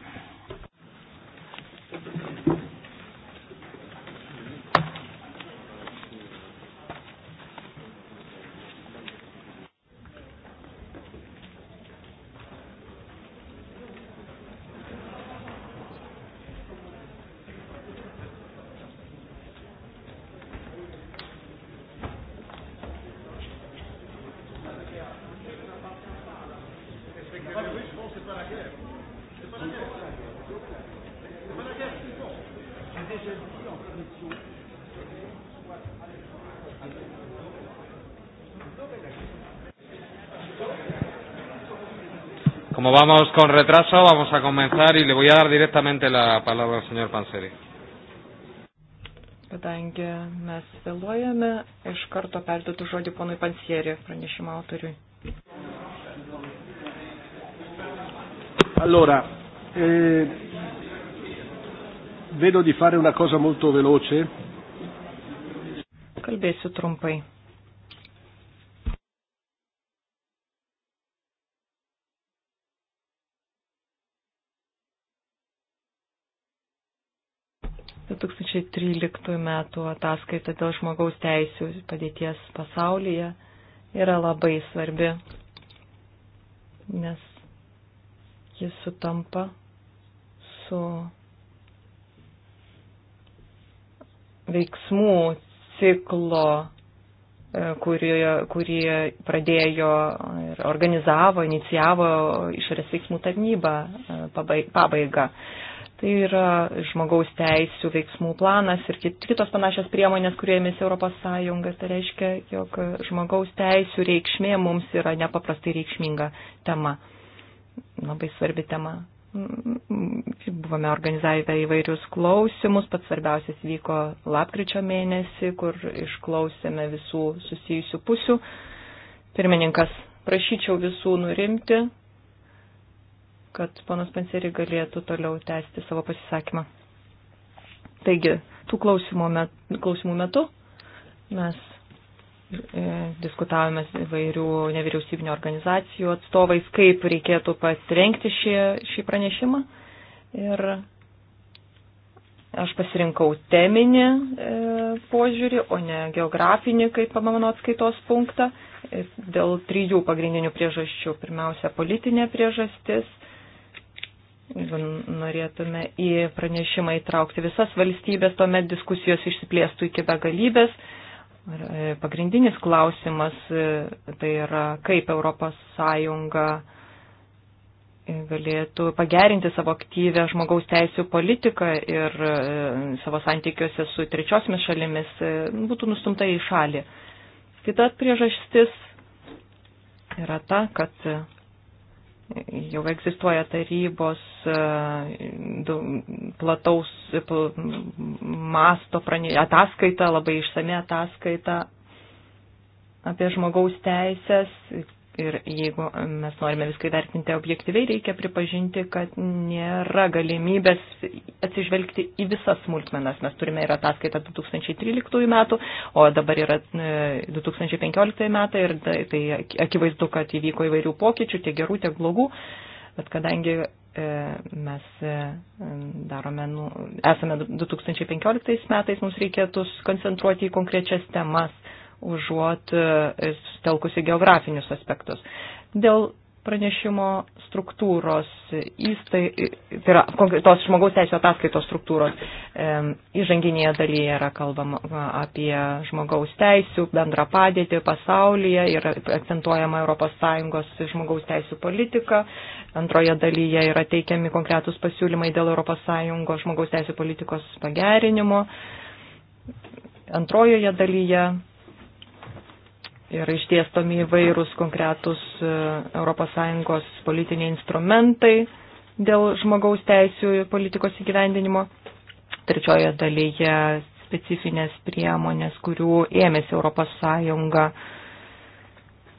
Como vamos con retraso, vamos a comenzar y le voy a dar directamente la palabra al señor Panseri. Kadangi mes vėluojame, iš karto perduotų žodį ponui Pansieri, pranešimo autoriui. Allora, eh, vedo di fare una cosa molto veloce. Kalbėsiu trumpai. 2013 metų ataskaita dėl žmogaus teisų padėties pasaulyje yra labai svarbi, nes jis sutampa su veiksmų ciklo, e, kurį, kurį pradėjo ir organizavo, inicijavo išorės veiksmų tarnybą e, pabaigą. Tai yra žmogaus teisų veiksmų planas ir kitos panašios priemonės, kuriomis ES. Tai reiškia, jog žmogaus teisų reikšmė mums yra nepaprastai reikšminga tema. Labai svarbi tema. Mm, buvome organizavę įvairius klausimus, pats svarbiausias vyko lapkričio mėnesį, kur išklausėme visų susijusių pusių. Pirmininkas, prašyčiau visų nurimti, kad ponas Panseri galėtų toliau tęsti savo pasisakymą. Taigi, tų klausimų, met, klausimų metu mes e, diskutavome įvairių nevyriausybinio organizacijų atstovais, kaip reikėtų pasirinkti šį, šį pranešimą. Ir aš pasirinkau teminį e, požiūrį, o ne geografinį, kaip mano atskaitos punktą, dėl trijų pagrindinių priežasčių. Pirmiausia, politinė priežastis, norėtume į pranešimą įtraukti visas valstybės, tuomet diskusijos išsiplėstų iki begalybės. E, pagrindinis klausimas e, tai yra, kaip ES e, galėtų pagerinti savo aktyvę žmogaus teisų politiką ir savo santykiuose su trečiosiomis šalimis būtų nustumta į šalį. Kita priežastis yra ta, kad jau egzistuoja tarybos e, plataus e, masto ataskaita, labai išsame ataskaita apie žmogaus teisės, Ir jeigu mes norime viską vertinti objektyviai, reikia pripažinti, kad nėra galimybės atsižvelgti į visas smulkmenas. Mes turime ir ataskaitą 2013 metų, o dabar yra 2015 e, metai ir tai, tai akivaizdu, kad įvyko įvairių pokyčių, tiek gerų, tiek blogų. Bet kadangi e, mes e, darome, nu, esame 2015 metais, mums reikėtų koncentruoti į konkrečias temas užuot e, stelkusi geografinius aspektus. Dėl pranešimo struktūros, įstai, tai yra tos žmogaus teisų ataskaitos struktūros. E, įžanginėje dalyje yra kalbama apie žmogaus teisų bendrą padėtį pasaulyje ir akcentuojama ES žmogaus teisų politika. Antroje dalyje yra teikiami konkretus pasiūlymai dėl ES žmogaus teisų politikos pagerinimo. Antrojoje dalyje yra išdėstomi įvairūs konkretus ES politiniai instrumentai dėl žmogaus teisų politikos įgyvendinimo. Trečioje dalyje specifinės priemonės, kurių ėmėsi ES,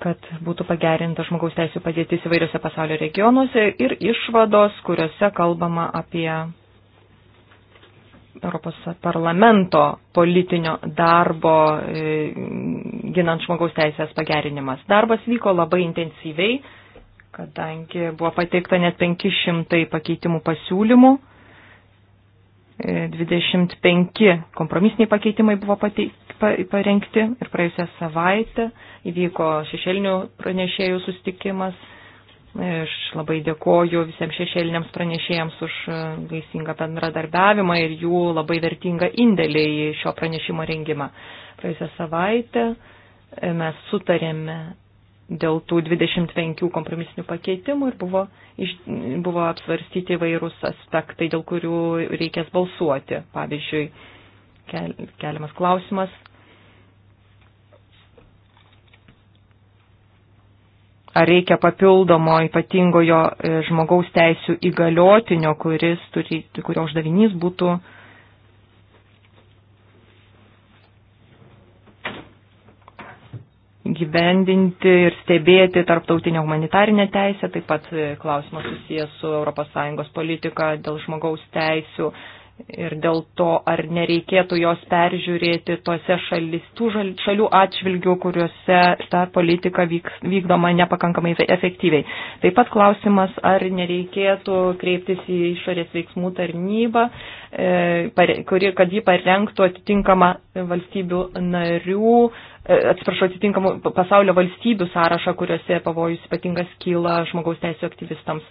kad būtų pagerinta žmogaus teisų padėtis įvairiose pasaulio regionuose ir išvados, kuriuose kalbama apie Europos parlamento politinio darbo e, ginant žmogaus teisės pagerinimas. Darbas vyko labai intensyviai, kadangi buvo pateikta net 500 pakeitimų pasiūlymų, 25 e, kompromisiniai pakeitimai buvo pateik, pa, parengti ir praėjusią savaitę įvyko šešėlinių pranešėjų sustikimas Aš labai dėkoju visiems šešėliniams pranešėjams už e, gaisingą bendradarbiavimą ir jų labai vertingą indėlį į šio pranešimo rengimą. Praėjusią savaitę e, mes sutarėme dėl tų 25 kompromisinių pakeitimų ir buvo, iš, buvo apsvarstyti vairūs aspektai, dėl kurių reikės balsuoti. Pavyzdžiui, kel, keliamas klausimas, ar reikia papildomo ypatingojo e, žmogaus teisų įgaliotinio, kuris turi, kurio uždavinys būtų gyvendinti ir stebėti tarptautinę humanitarinę teisę, taip pat e, klausimas susijęs su ES politika dėl žmogaus teisų, ir dėl to, ar nereikėtų jos peržiūrėti tose šalis, tų šalių atžvilgių, kuriuose ta politika vyks, vykdoma nepakankamai efektyviai. Taip pat klausimas, ar nereikėtų kreiptis į išorės veiksmų tarnybą, e, kuri, kad ji parengtų atitinkamą valstybių narių E, atsiprašau, atitinkamų pasaulio valstybių sąrašą, kuriuose pavojus ypatingas kyla žmogaus teisų aktyvistams.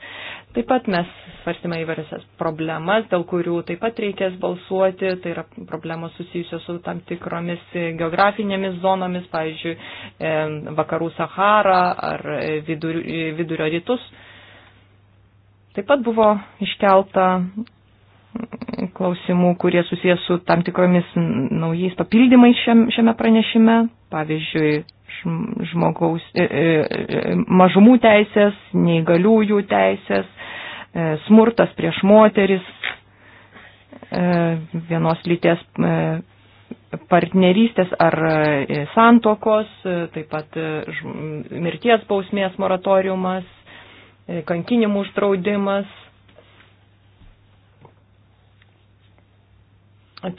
Taip pat mes svarstėme įvairias problemas, dėl kurių taip pat reikės balsuoti, tai yra problemos susijusios su tam tikromis geografinėmis zonomis, pavyzdžiui, e, vakarų Sahara ar vidurio, e, vidurio rytus. Taip pat buvo iškelta klausimų, kurie susijęs su tam tikromis naujais papildymais šiame pranešime pavyzdžiui, žmogaus, e, e, e, mažumų teisės, neįgaliųjų teisės, smurtas prieš moteris, vienos lyties partnerystės ar santokos, taip pat mirties bausmės moratoriumas, kankinimų uždraudimas,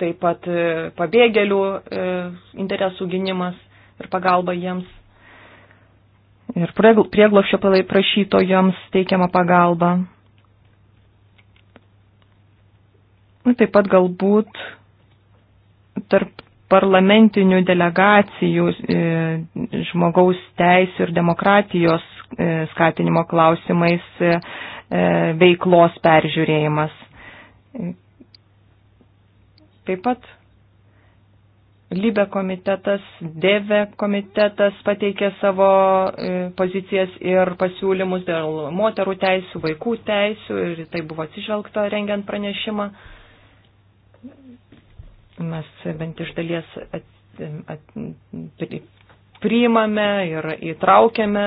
taip pat e, pabėgėlių e, interesų gynimas ir pagalba jiems, ir prieglošio prašytojams teikiama pagalba. Taip pat galbūt tarp parlamentinių delegacijų e, žmogaus teisų ir demokratijos skatinimo klausimais veiklos peržiūrėjimas Taip pat Libe komitetas, Deve komitetas pateikė savo e, pozicijas ir pasiūlymus dėl moterų teisų, vaikų teisų ir tai buvo atsižvelgta rengiant pranešimą. Mes bent iš dalies at, at, pri, priimame ir įtraukiame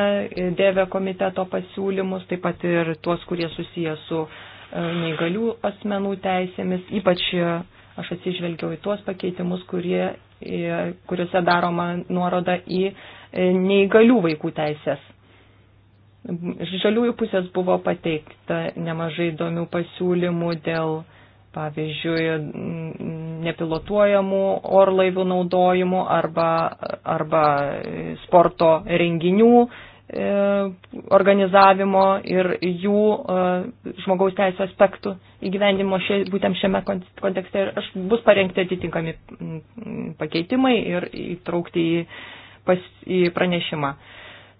Deve komiteto pasiūlymus, taip pat ir tuos, kurie susiję su e, neįgalių asmenų teisėmis, ypač uh, Aš atsižvelgiau į tuos pakeitimus, kurie, e, kuriuose daroma nuoroda į e, neįgalių vaikų teisės. Žaliųjų pusės buvo pateikta nemažai įdomių pasiūlymų dėl pavyzdžiui, nepilotuojamų orlaivių naudojimų arba, arba sporto renginių E, organizavimo ir jų e, žmogaus teisų aspektų įgyvendimo šia, būtent šiame kontekste ir aš, bus parengti atitinkami pakeitimai ir įtraukti į, pas, į pranešimą.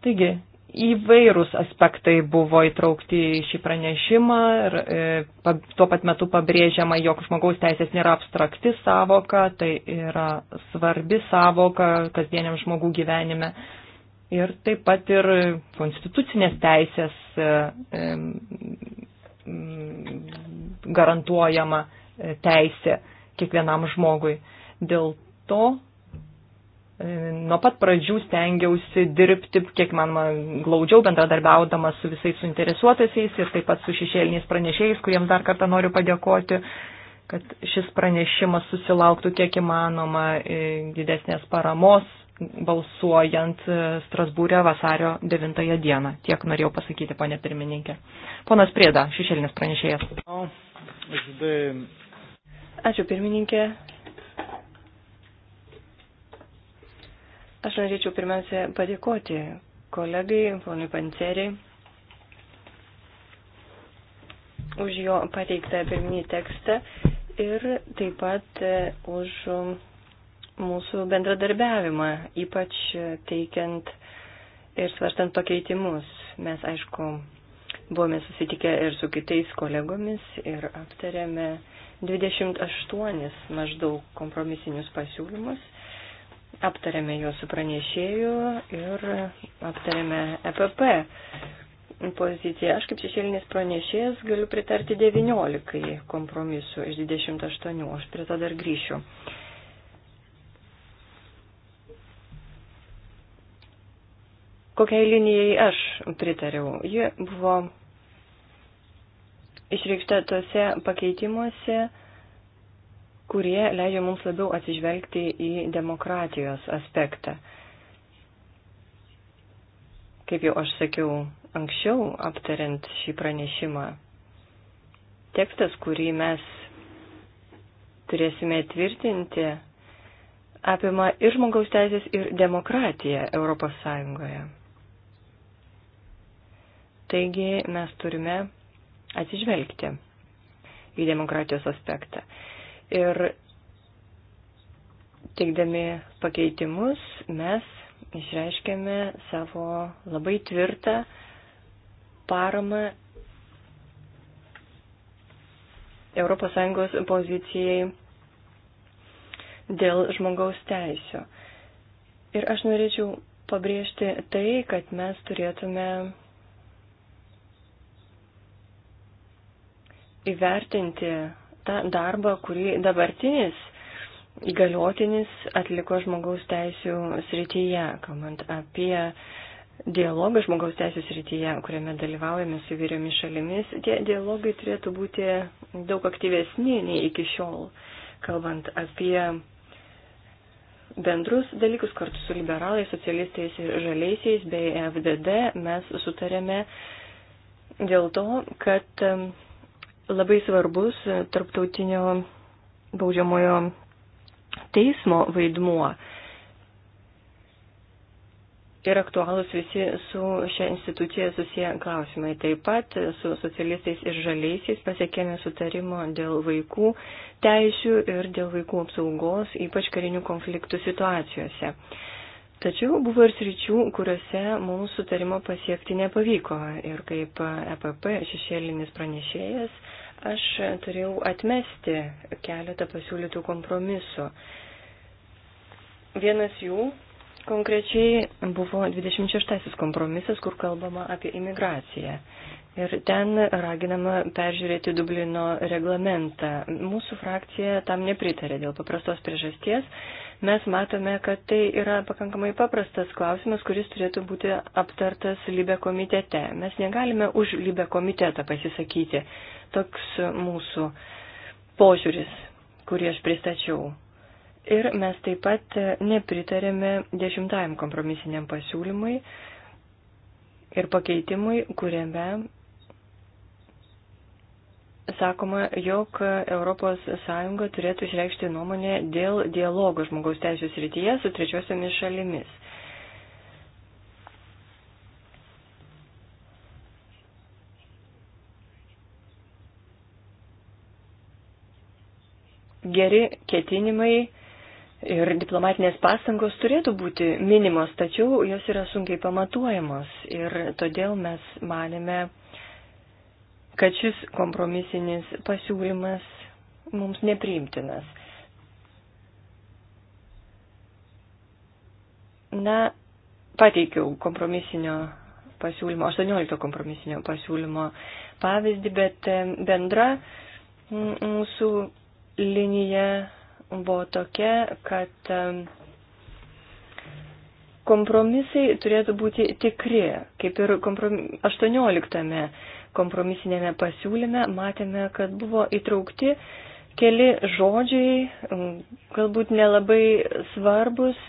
Taigi, įvairūs aspektai buvo įtraukti į šį pranešimą ir e, pa, tuo pat metu pabrėžiama, jog žmogaus teisės nėra abstrakti savoka, tai yra svarbi savoka kasdieniam žmogų gyvenime. E, ir taip pat ir konstitucinės teisės e, e, garantuojama e, teisė kiekvienam žmogui. Dėl to nuo pat pradžių stengiausi dirbti, kiek man glaudžiau bendradarbiaudama su visais suinteresuotaisiais ir taip pat su šešėliniais pranešėjais, kuriems dar kartą noriu padėkoti, kad šis pranešimas susilauktų kiek įmanoma didesnės paramos balsuojant Strasbūrė vasario 9 dieną. Tiek norėjau pasakyti, ponė pirmininkė. Ponas Prieda, šešėlinis pranešėjas. Ačiū pirmininkė. Aš norėčiau pirmiausia padėkoti kolegai, ponui Panceriai, už jo pateiktą pirminį tekstą ir taip pat e, už mūsų bendradarbiavimą, ypač teikiant ir svarstant pakeitimus. Mes, aišku, buvome susitikę ir su kitais kolegomis ir aptarėme 28 maždaug kompromisinius pasiūlymus. Aptarėme juos su pranešėju ir aptarėme EPP poziciją. Aš kaip šešėlinis pranešėjas galiu pritarti 19 kompromisų iš 28, aš prie to dar grįšiu. kokiai linijai aš pritariau. Ji buvo išreikšta tose pakeitimuose, kurie leidžia mums labiau atsižvelgti į demokratijos aspektą. Kaip jau aš sakiau anksčiau, aptariant šį pranešimą, tekstas, kurį mes turėsime tvirtinti, apima ir žmogaus teisės, ir demokratiją Europos Sąjungoje. Taigi mes turime atsižvelgti į demokratijos aspektą. Ir teikdami pakeitimus mes išreiškėme savo labai tvirtą paramą ES pozicijai dėl žmogaus teisų. Ir aš norėčiau pabrėžti tai, kad mes turėtume įvertinti tą darbą, kurį dabartinis įgaliotinis atliko žmogaus teisų srityje, kalbant apie dialogą žmogaus teisų srityje, kuriame dalyvaujame su įvairiomis šalimis. Tie dialogai turėtų būti daug aktyvesni nei iki šiol, kalbant apie bendrus dalykus kartu su liberalais, socialistais ir žaliaisiais bei FDD mes sutarėme dėl to, kad labai svarbus tarptautinio baudžiamojo teismo vaidmuo. Ir aktualūs visi su šia institucija susiję klausimai. Taip pat su socialistais ir žaliaisiais pasiekėme sutarimo dėl vaikų teisių ir dėl vaikų apsaugos, ypač karinių konfliktų situacijose. Tačiau buvo ir sričių, kuriuose mums sutarimo pasiekti nepavyko. Ir kaip EPP šešėlinis pranešėjas, aš turėjau atmesti keletą pasiūlytų kompromisų. Vienas jų konkrečiai buvo 26 kompromisas, kur kalbama apie imigraciją. Ir ten raginama peržiūrėti Dublino reglamentą. Mūsų frakcija tam nepritarė dėl paprastos priežasties. Mes matome, kad tai yra pakankamai paprastas klausimas, kuris turėtų būti aptartas Libe komitete. Mes negalime už Libe komitetą pasisakyti. Toks mūsų požiūris, kurį aš pristačiau. Ir mes taip pat nepritarėme dešimtajam kompromisiniam pasiūlymui ir pakeitimui, kuriame sakoma, jog ES turėtų išreikšti nuomonę dėl dialogo žmogaus teisų srityje su trečiosiomis šalimis. Geri ketinimai ir diplomatinės pastangos turėtų būti minimos, tačiau jos yra sunkiai pamatuojamos ir todėl mes manėme, kad šis kompromisinis pasiūlymas mums nepriimtinas. Na, pateikiau kompromisinio pasiūlymo, 18 kompromisinio pasiūlymo pavyzdį, bet bendra mūsų linija buvo tokia, kad kompromisai turėtų būti tikri, kaip ir 18 kompromisinėme pasiūlyme matėme, kad buvo įtraukti keli žodžiai, mm, galbūt nelabai svarbus,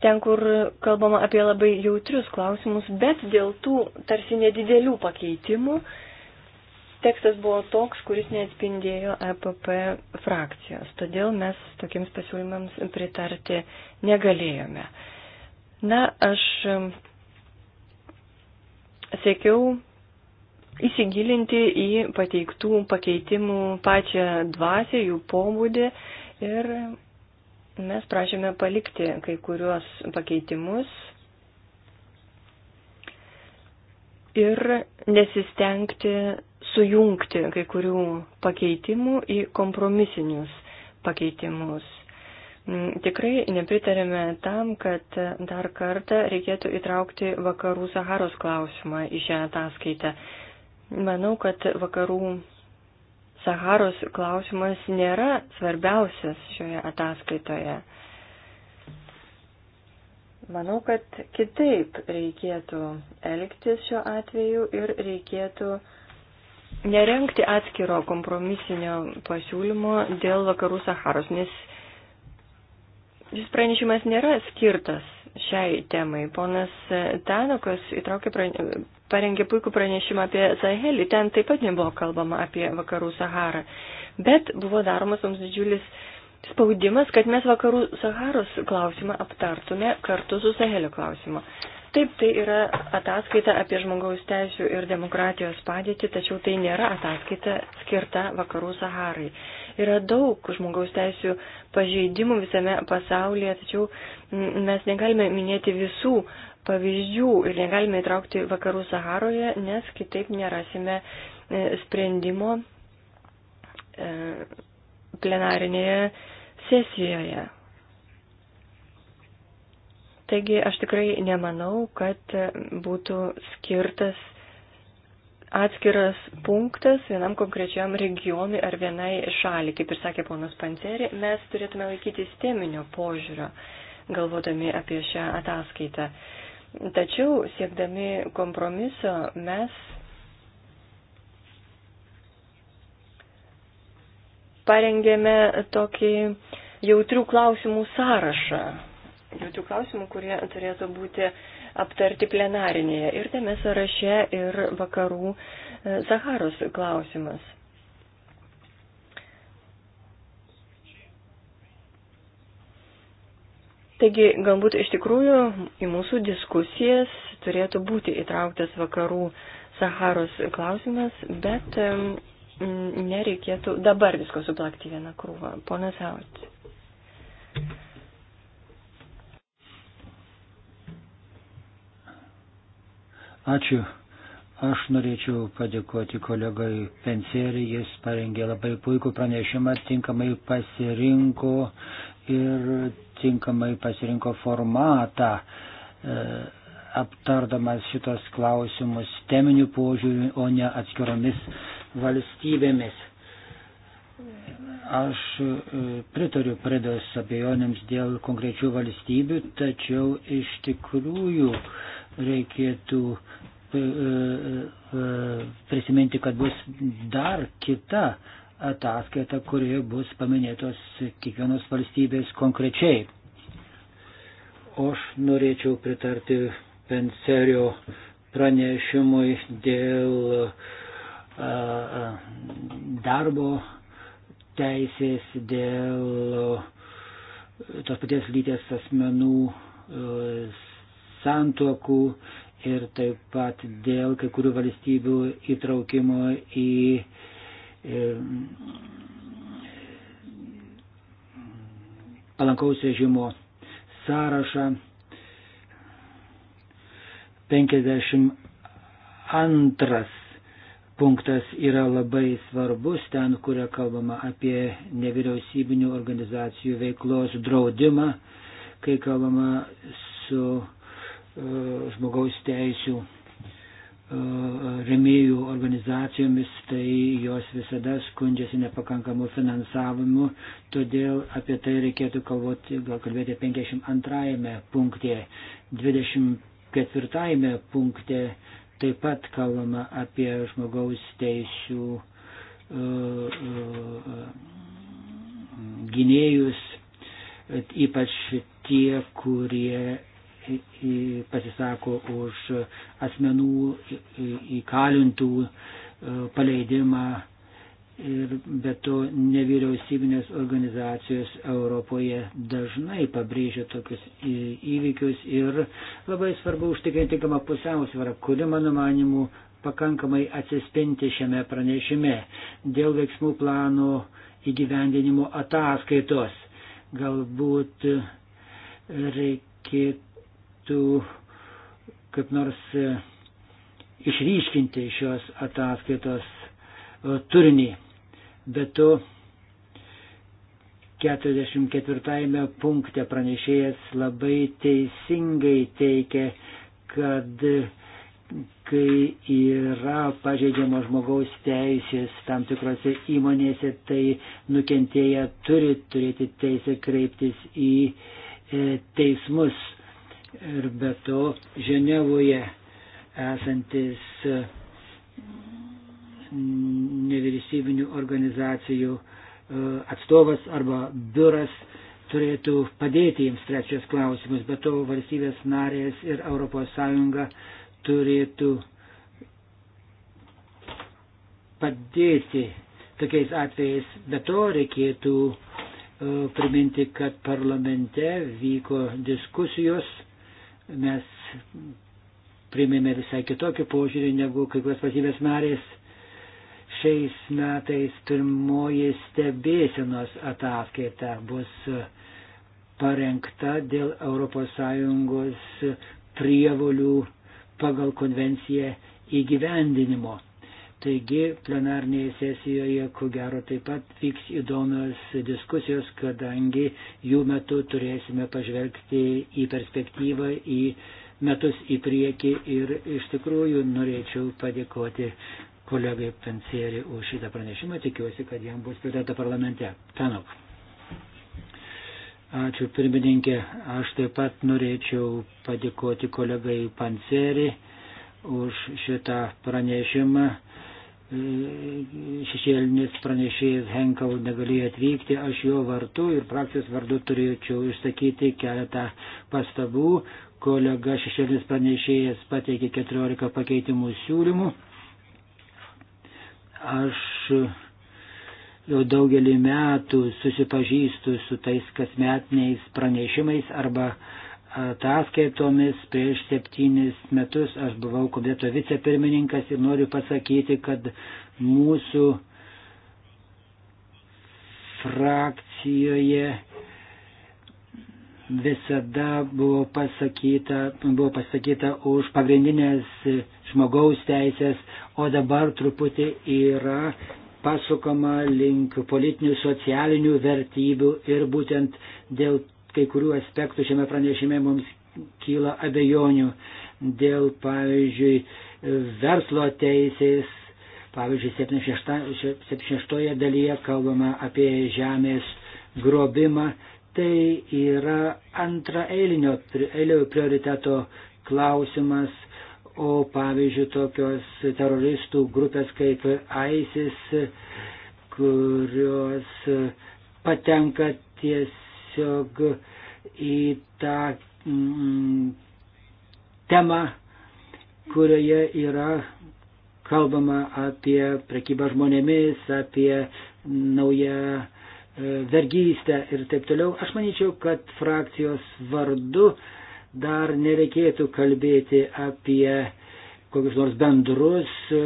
ten, kur kalbama apie labai jautrius klausimus, bet dėl tų tarsi nedidelių pakeitimų tekstas buvo toks, kuris neatspindėjo EPP frakcijos. Todėl mes tokiems pasiūlymams pritarti negalėjome. Na, aš siekiau įsigilinti į pateiktų pakeitimų pačią dvasę, jų pobūdį ir mes prašėme palikti kai kuriuos pakeitimus ir nesistengti sujungti kai kurių pakeitimų į kompromisinius pakeitimus. Mm, tikrai nepritarėme tam, kad dar kartą reikėtų įtraukti vakarų Saharos klausimą į šią ataskaitą. Manau, kad vakarų Saharos klausimas nėra svarbiausias šioje ataskaitoje. Manau, kad kitaip reikėtų elgtis šiuo atveju ir reikėtų nerenkti atskiro kompromisinio pasiūlymo dėl vakarų Saharos, nes Šis pranešimas nėra skirtas šiai temai. Ponas Tanukas įtraukė, parengė puikų pranešimą apie Sahelį. Ten taip pat nebuvo kalbama apie vakarų Saharą. Bet buvo daromas mums didžiulis spaudimas, kad mes vakarų Saharos klausimą aptartume kartu su Sahelio klausimu. Taip, tai yra ataskaita apie žmogaus teisų ir demokratijos padėtį, tačiau tai nėra ataskaita skirta vakarų Saharai. Yra daug žmogaus teisų pažeidimų visame pasaulyje, tačiau mes negalime minėti visų pavyzdžių ir negalime įtraukti vakarų Saharoje, nes kitaip nerasime e, sprendimo e, plenarinėje sesijoje. Taigi aš tikrai nemanau, kad e, būtų skirtas atskiras punktas vienam konkrečiam regionui ar vienai šaliai. Kaip ir sakė ponas Panceri, mes turėtume laikyti sisteminio požiūrio, galvodami apie šią ataskaitą. Tačiau, siekdami kompromiso, mes parengėme tokį jautrių klausimų sąrašą tų klausimų, kurie turėtų būti aptarti plenarinėje. Ir tame sąraše ir vakarų e, Saharos klausimas. Taigi, galbūt iš tikrųjų į mūsų diskusijas turėtų būti įtrauktas vakarų Saharos klausimas, bet e, nereikėtų dabar visko suplakti vieną krūvą. Ponas Hautis. Ačiū. Aš norėčiau padėkoti kolegai Penserį, jis parengė labai puikų pranešimą, tinkamai pasirinko ir tinkamai pasirinko formatą, e, aptardamas šitos klausimus teminių požiūrių, o ne atskiromis valstybėmis. Aš e, pritariu predos abejonėms dėl konkrečių valstybių, tačiau iš tikrųjų reikėtų e, e, e, prisiminti, kad bus dar kita ataskaita, kurioje bus paminėtos kiekvienos valstybės konkrečiai. O aš norėčiau pritarti Penserio pranešimui dėl darbo teisės, dėl tos paties lyties asmenų santuokų ir taip pat dėl kai kurių valstybių įtraukimo į palankaus režimo sąrašą. 52 punktas yra labai svarbus, ten, kuria kalbama apie nevyriausybinių organizacijų veiklos draudimą, kai kalbama su E, žmogaus teisų e, remėjų organizacijomis, tai jos visada skundžiasi nepakankamu finansavimu, todėl apie tai reikėtų kalbėti, gal kalbėti 52 punktė, 24 punktė taip pat kalbama apie žmogaus teisų e, gynėjus, ypač tie, kurie pasisako už asmenų įkalintų e, paleidimą ir be to nevyriausybinės organizacijos Europoje dažnai pabrėžia tokius įvykius ir labai svarbu užtikrinti tinkamą pusiausvyrą, kuri mano manimu pakankamai atsispinti šiame pranešime dėl veiksmų plano įgyvendinimo ataskaitos. Galbūt reikėtų reikėtų kaip nors e, išryškinti šios ataskaitos e, turinį. Bet to 44 punkte pranešėjas labai teisingai teikia, kad e, kai yra pažeidžiamo žmogaus teisės tam tikrose įmonėse, tai nukentėję turi turėti teisę kreiptis į e, teismus. Ir be to Ženevoje esantis e, nevyriausybinių organizacijų e, atstovas arba biuras turėtų padėti jiems trečios klausimus, bet to valstybės narės ir ES turėtų padėti tokiais atvejais. Be to reikėtų e, priminti, kad parlamente vyko diskusijos mes primėme visai kitokį požiūrį negu kai kurios valstybės narės. Šiais metais pirmoji stebėsenos ataskaita bus parengta dėl ES prievolių pagal konvenciją įgyvendinimo. Taigi plenarnėje sesijoje, ko gero, taip pat vyks įdomios diskusijos, kadangi jų metu turėsime pažvelgti į perspektyvą, į metus į priekį ir iš tikrųjų norėčiau padėkoti kolegai Pensieri už šitą pranešimą. Tikiuosi, kad jam bus pridėta parlamente. Tanok. Ačiū pirmininkė. Aš taip pat norėčiau padėkoti kolegai Panseri už šitą pranešimą šešėlinis pranešėjas Henkau negalėjo atvykti, aš jo vartu ir frakcijos vardu turėčiau išsakyti keletą pastabų. Kolega šešėlinis pranešėjas pateikė 14 pakeitimų siūlymų. Aš jau daugelį metų susipažįstu su tais kasmetiniais pranešimais arba uh, ataskaitomis prieš septynis metus aš buvau komiteto vicepirmininkas ir noriu pasakyti, kad mūsų frakcijoje visada buvo pasakyta, buvo pasakyta už pagrindinės žmogaus teisės, o dabar truputį yra pasukama link politinių, socialinių vertybių ir būtent dėl kai kurių aspektų šiame pranešime mums kyla abejonių dėl, pavyzdžiui, verslo teisės. Pavyzdžiui, 76, 76 dalyje kalbama apie žemės grobimą. Tai yra antra eilinio, eilinio prioriteto klausimas, o pavyzdžiui, tokios teroristų grupės kaip ISIS, kurios patenka ties tiesiog į tą mm, temą, kurioje yra kalbama apie prekybą žmonėmis, apie naują e, vergystę ir taip toliau. Aš manyčiau, kad frakcijos vardu dar nereikėtų kalbėti apie kokius nors bendrus e,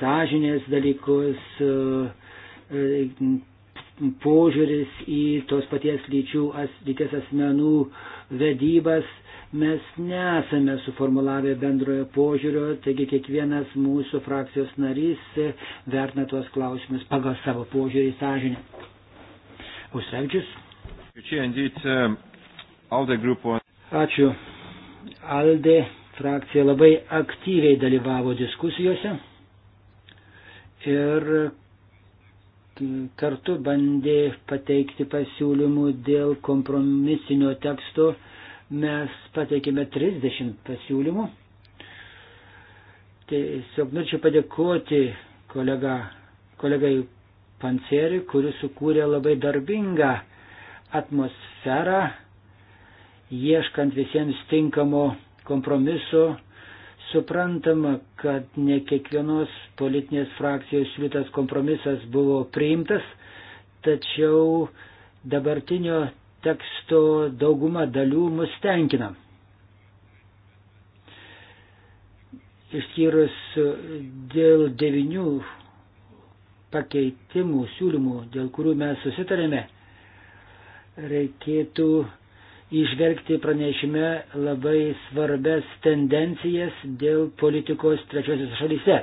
sąžinės dalykus, e, požiūris į tos paties lyčių, as, lyties asmenų vedybas. Mes nesame suformulavę bendrojo požiūrio, taigi kiekvienas mūsų frakcijos narys vertina tuos klausimus pagal savo požiūrį į sąžinę. Ausrevčius. Ačiū. Alde frakcija labai aktyviai dalyvavo diskusijose ir kartu bandė pateikti pasiūlymų dėl kompromisinio teksto. Mes pateikėme 30 pasiūlymų. Tiesiog norėčiau padėkoti kolega, kolegai Panceri, kuris sukūrė labai darbingą atmosferą, ieškant visiems tinkamo kompromiso Suprantama, kad ne kiekvienos politinės frakcijos šitas kompromisas buvo priimtas, tačiau dabartinio teksto dauguma dalių mus tenkina. Išskyrus dėl devinių pakeitimų, siūlymų, dėl kurių mes susitarėme, reikėtų išvelgti pranešime labai svarbes tendencijas dėl politikos trečiosios šalyse.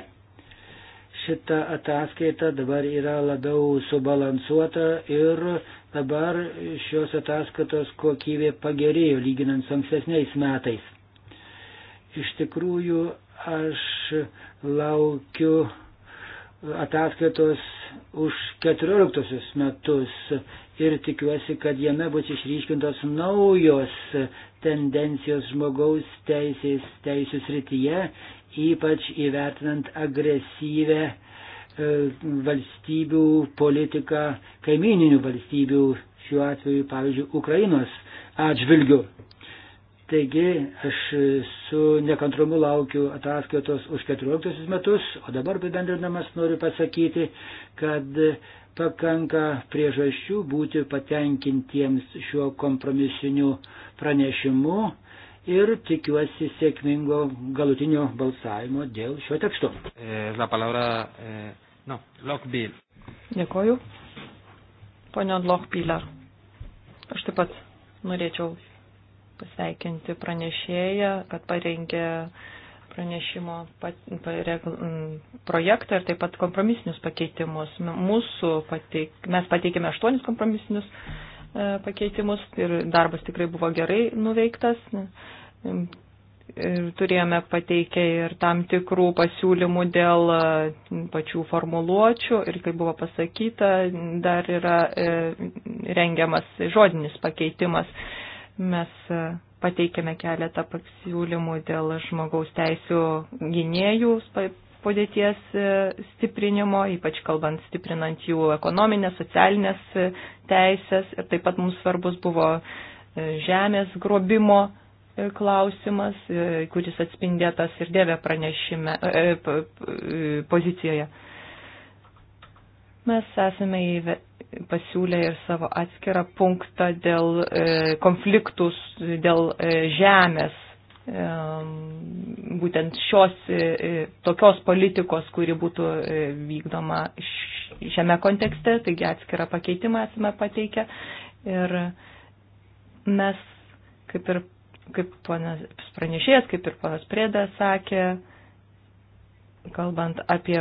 Šita ataskaita dabar yra labiau subalansuota ir dabar šios ataskaitos kokybė pagerėjo lyginant su ankstesniais metais. Iš tikrųjų, aš laukiu ataskaitos už 14 metus ir tikiuosi, kad jame bus išryškintos naujos tendencijos žmogaus teisės teisų srityje, ypač įvertinant agresyvę e, valstybių politiką, kaimininių valstybių, šiuo atveju, pavyzdžiui, Ukrainos atžvilgių. Taigi aš su nekantrumu laukiu ataskaitos už 14 metus, o dabar apibendrinamas noriu pasakyti, kad pakanka priežasčių būti patenkintiems šiuo kompromisiniu pranešimu ir tikiuosi sėkmingo galutinio balsavimo dėl šio teksto. Eh, la palabra, eh, no, Lochbil. Dėkoju. Pone Lochbilar, aš taip pat norėčiau pasveikinti pranešėją, kad parengė uh, pranešimo projektą ir taip pat kompromisinius pakeitimus. Mūsų pateik, mes pateikėme aštuonis kompromisinius e, pakeitimus ir darbas tikrai buvo gerai nuveiktas. Ir e, turėjome pateikę ir tam tikrų pasiūlymų dėl e, pačių formuluočių ir, kaip buvo pasakyta, dar yra rengiamas žodinis pakeitimas. Mes pateikėme keletą pasiūlymų dėl žmogaus teisų gynėjų padėties e, stiprinimo, ypač kalbant stiprinant jų ekonominės, socialinės e, teisės. Ir taip pat mums svarbus buvo e, žemės grobimo klausimas, kuris atspindėtas ir dėvė pranešime pozicijoje. Mes esame pasiūlę ir savo atskirą punktą dėl e, konfliktus, dėl e, žemės e, būtent šios tokios politikos, kuri būtų vykdoma šiame kontekste, taigi atskirą pakeitimą esame pateikę. Ir mes, kaip ir kaip ponas pranešėjas, kaip ir ponas Prėda sakė, kalbant apie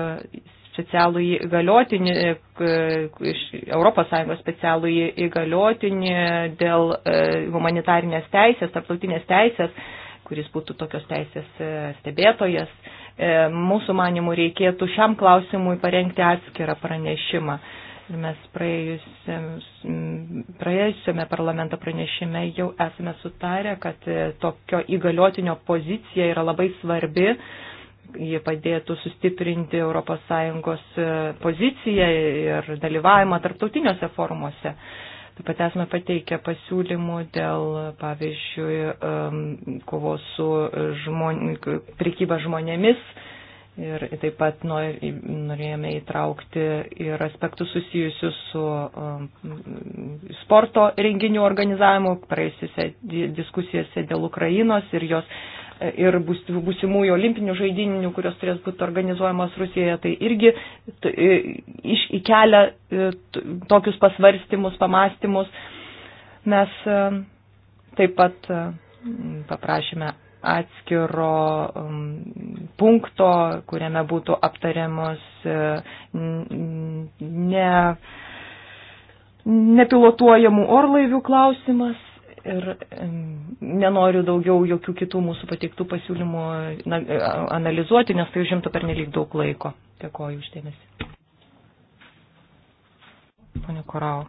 specialų įgaliotinį, e, iš ES specialų įgaliotinį dėl e, humanitarinės teisės, tarptautinės teisės, kuris būtų tokios teisės e, stebėtojas. Mūsų manimų reikėtų šiam klausimui parengti atskirą pranešimą. Ir mes praėjusiame parlamento pranešime jau esame sutarę, kad tokio įgaliotinio pozicija yra labai svarbi, jie padėtų sustiprinti ES e, poziciją ir dalyvavimą tarptautiniuose forumuose. Taip pat esame pateikę pasiūlymų dėl, pavyzdžiui, kovos su žmon... prekyba žmonėmis. Ir taip pat norėjome įtraukti ir aspektus susijusius su sporto renginių organizavimu. Praėjusiuose diskusijose dėl Ukrainos ir jos ir būsimųjų olimpinių žaidinių, kurios turės būti organizuojamos Rusijoje, tai irgi iš, įkelia tokius pasvarstymus, pamastymus. Mes e, taip pat e, paprašėme atskiro punkto, kuriame būtų aptariamos e, ne, nepilotuojamų orlaivių klausimas ir nenoriu daugiau jokių kitų mūsų pateiktų pasiūlymų analizuoti, nes tai užimtų per nelik daug laiko. Dėkoju uždėmesi. Pone Korau.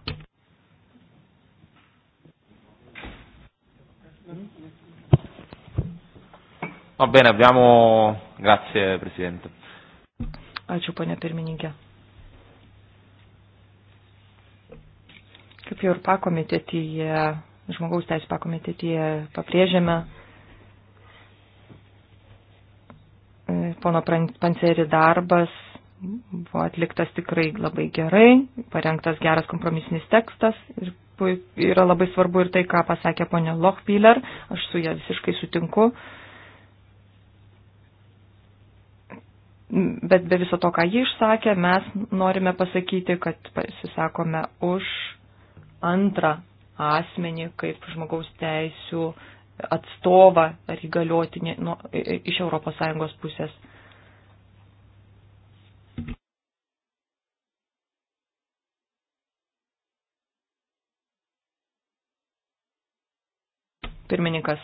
Va bene, abbiamo... Grazie, Presidente. Ačiū, ponė pirmininkė. Kaip jau ir pakomitėtyje žmogaus teisų pakomitetyje pabrėžėme e, pono Panceri darbas buvo atliktas tikrai labai gerai, parengtas geras kompromisinis tekstas ir yra labai svarbu ir tai, ką pasakė ponė Lochpiler, aš su ją visiškai sutinku. Bet be viso to, ką ji išsakė, mes norime pasakyti, kad pasisakome už antrą asmenį kaip žmogaus teisų atstovą ar įgaliotinį nu, iš ES pusės. Pirmininkas.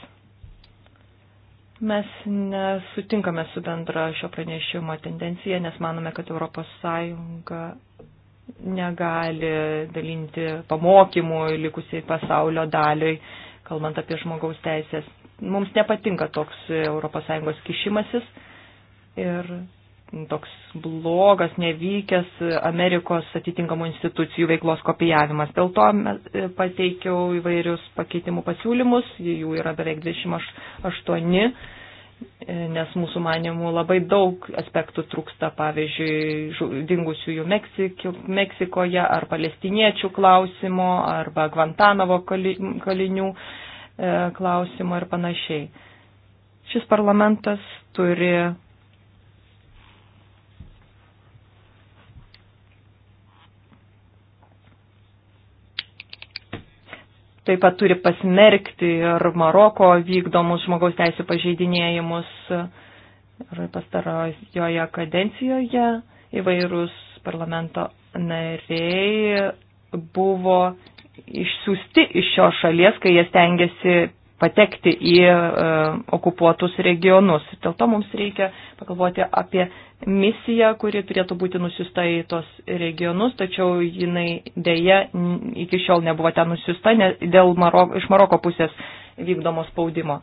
Mes nesutinkame su bendra šio pranešimo tendencija, nes manome, kad ES negali dalinti pamokymų likusiai pasaulio daliai, kalbant apie žmogaus teisės. Mums nepatinka toks ES kišimasis ir toks blogas, nevykęs Amerikos atitinkamų institucijų veiklos kopijavimas. Dėl to e, pateikiau įvairius pakeitimų pasiūlymus, jų yra beveik 28 nes mūsų manimų labai daug aspektų trūksta, pavyzdžiui, dingusiųjų Meksikoje ar palestiniečių klausimo, arba Gvantanavo kalinių e, klausimo ir panašiai. Šis parlamentas turi taip pat turi pasmerkti ir Maroko vykdomus žmogaus teisų pažeidinėjimus. Ir pastarojoje kadencijoje įvairūs parlamento nariai buvo išsiųsti iš šios šalies, kai jie stengiasi patekti į e, okupuotus regionus. Dėl to mums reikia pagalvoti apie misiją, kuri turėtų būti nusiusta į tos regionus, tačiau jinai dėja iki šiol nebuvo ten nusiusta dėl Maroko, iš Maroko pusės vykdomo spaudimo.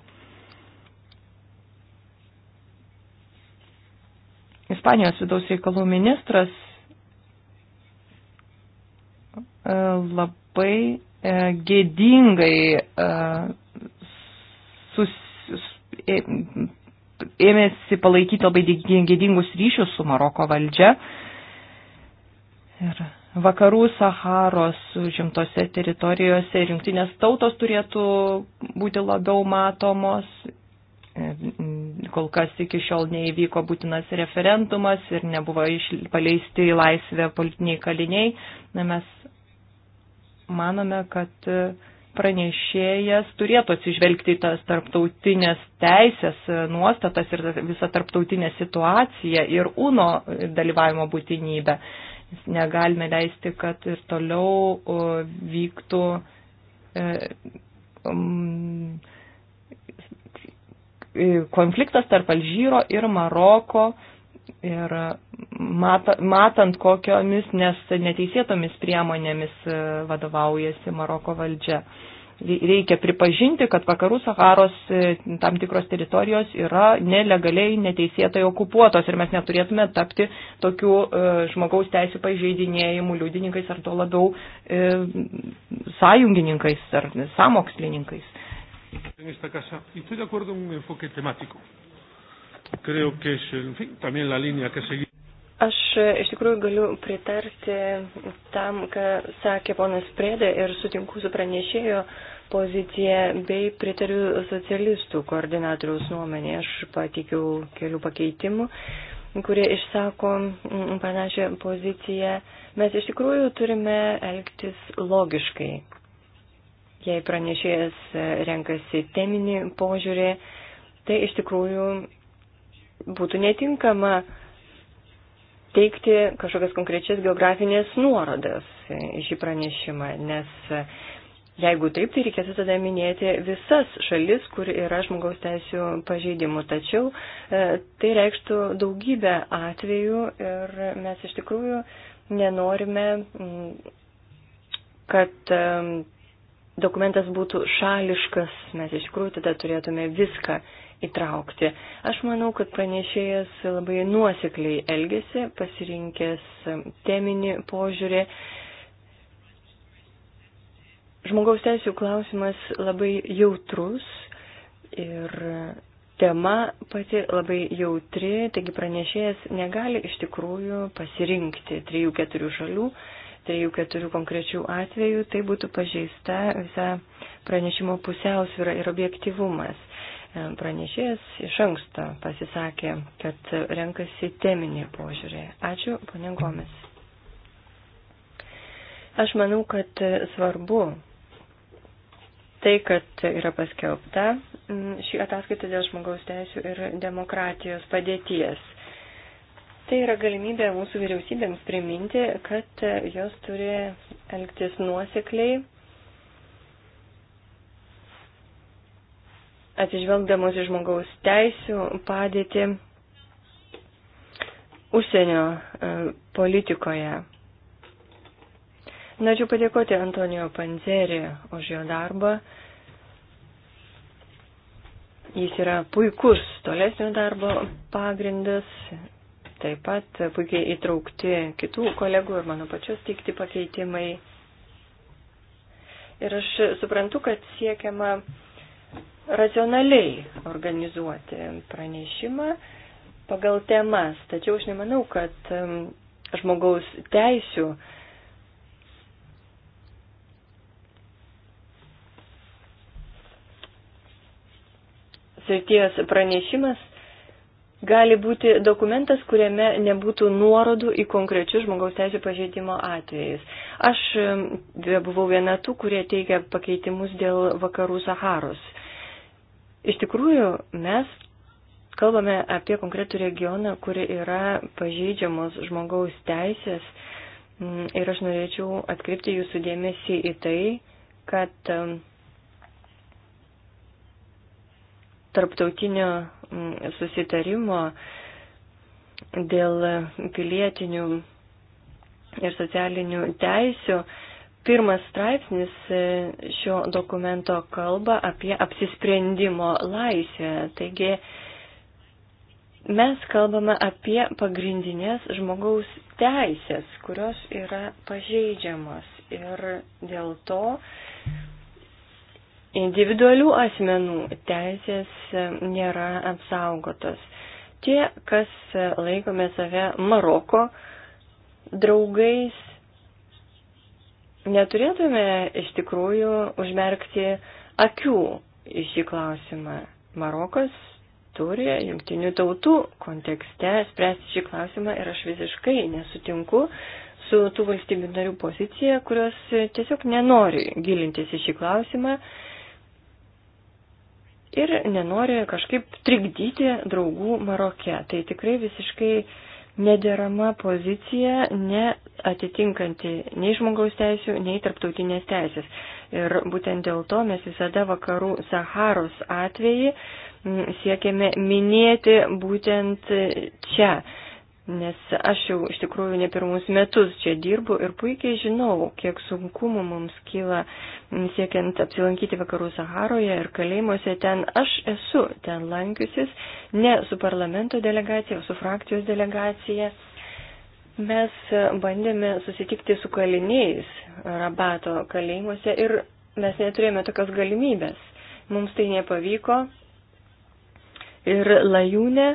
Ispanijos vidaus reikalų ministras e, labai e, gėdingai e, sus, ėmėsi palaikyti labai gėdingus ryšius su Maroko valdžia. Ir vakarų Saharos žimtose teritorijose ir jungtinės tautos turėtų būti labiau matomos. Mm, kol kas iki šiol neįvyko būtinas referendumas ir nebuvo paleisti į laisvę politiniai kaliniai. Na, mes manome, kad uh, pranešėjas turėtų atsižvelgti į tas tarptautinės teisės e, nuostatas ir visą tarptautinę situaciją ir UNO dalyvavimo būtinybę. Negalime leisti, kad ir toliau vyktų e, konfliktas tarp Alžyro ir Maroko Ir mata, matant, kokiomis nes neteisėtomis priemonėmis e, vadovaujasi Maroko valdžia, reikia pripažinti, kad vakarų Saharos e, tam tikros teritorijos yra nelegaliai neteisėtai okupuotos ir mes neturėtume tapti tokių e, žmogaus teisų pažeidinėjimų liudininkais ar to labiau sąjungininkais ar samokslininkais. En esta casa, y estoy de acuerdo en un enfoque temático. Aš iš tikrųjų galiu pritarti tam, ką sakė ponas Prėdė ir sutinku su pranešėjo poziciją bei pritariu socialistų koordinatoriaus nuomenė. Aš patikiau kelių pakeitimų, kurie išsako mm, panašią poziciją. Mes iš tikrųjų turime elgtis logiškai. Jei pranešėjas renkasi teminį požiūrį, tai iš tikrųjų būtų netinkama teikti kažkokias konkrečias geografinės nuorodas į šį pranešimą, nes Jeigu taip, tai reikėtų tada minėti visas šalis, kur yra žmogaus teisų pažeidimų. Tačiau e, tai reikštų daugybę atvejų ir mes iš tikrųjų nenorime, mm, kad e, dokumentas būtų šališkas. Mes iš tikrųjų tada turėtume viską įtraukti. Aš manau, kad pranešėjas labai nuosekliai elgesi, pasirinkęs teminį požiūrį. Žmogaus teisų klausimas labai jautrus ir tema pati labai jautri, taigi pranešėjas negali iš tikrųjų pasirinkti 3-4 šalių, 3-4 konkrečių atvejų, tai būtų pažeista visa pranešimo pusiausvyra ir objektivumas pranešėjas iš anksto pasisakė, kad renkasi teminį požiūrį. Ačiū, ponė Gomis. Aš manau, kad svarbu tai, kad yra paskelbta šį ataskaitą dėl žmogaus teisų ir demokratijos padėties. Tai yra galimybė mūsų vyriausybėms priminti, kad jos turi elgtis nuosekliai atsižvelgdamos į žmogaus teisų padėtį užsienio e, politikoje. Norėčiau padėkoti Antonijo Panzerį už jo darbą. Jis yra puikus tolesnio darbo pagrindas, taip pat puikiai įtraukti kitų kolegų ir mano pačios teikti pakeitimai. Ir aš suprantu, kad siekiama uh, racionaliai organizuoti pranešimą pagal temas. Tačiau aš nemanau, kad žmogaus teisių srities pranešimas gali būti dokumentas, kuriame nebūtų nuorodų į konkrečius žmogaus teisų pažeidimo atvejais. Aš buvau viena tų, kurie teikia pakeitimus dėl vakarų Saharos Iš tikrųjų, mes kalbame apie konkretų regioną, kuri yra pažeidžiamos žmogaus teisės mm, ir aš norėčiau atkreipti jūsų dėmesį į tai, kad mm, tarptautinio mm, susitarimo dėl pilietinių ir socialinių teisių Pirmas straipsnis e, šio dokumento kalba apie apsisprendimo laisvę. Taigi mes kalbame apie pagrindinės žmogaus teisės, kurios yra pažeidžiamas. Ir dėl to individualių asmenų teisės nėra apsaugotos. Tie, kas laikome save Maroko draugais, neturėtume iš tikrųjų užmerkti akių į šį klausimą. Marokas turi jungtinių tautų kontekste spręsti šį klausimą ir aš visiškai nesutinku su tų valstybių narių pozicija, kurios tiesiog nenori gilintis į šį klausimą ir nenori kažkaip trikdyti draugų Maroke. Tai tikrai visiškai uh, nederama pozicija, neatitinkanti nei žmogaus teisų, nei tarptautinės teisės. Ir būtent dėl to mes visada vakarų Saharos atvejį siekiame minėti būtent čia. Nes aš jau iš tikrųjų ne pirmus metus čia dirbu ir puikiai žinau, kiek sunkumų mums kyla siekiant apsilankyti vakarų Saharoje ir kalėjimuose ten. Aš esu ten lankiusis, ne su parlamento delegacija, o su frakcijos delegacija. Mes bandėme susitikti su kaliniais rabato kalėjimuose ir mes neturėjome tokios galimybės. Mums tai nepavyko. Ir lajūne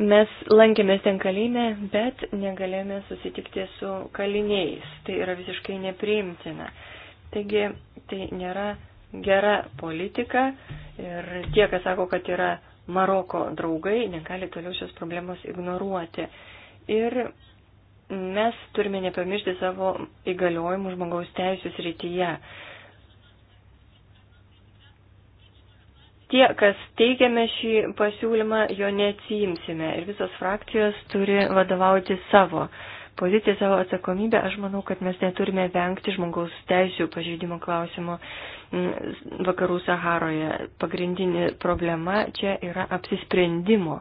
Mes lankėmės ten kalėjime, bet negalėjome susitikti su kaliniais. Tai yra visiškai nepriimtina. Taigi tai nėra gera politika ir tie, kas sako, kad yra Maroko draugai, negali toliau šios problemos ignoruoti. Ir mes turime nepamiršti savo įgaliojimų žmogaus teisų srityje. tie, kas teikiame šį pasiūlymą, jo neatsijimsime ir visos frakcijos turi vadovauti savo poziciją, savo atsakomybę. Aš manau, kad mes neturime vengti žmogaus teisų pažeidimo klausimo mm, vakarų Saharoje. Pagrindinė problema čia yra apsisprendimo.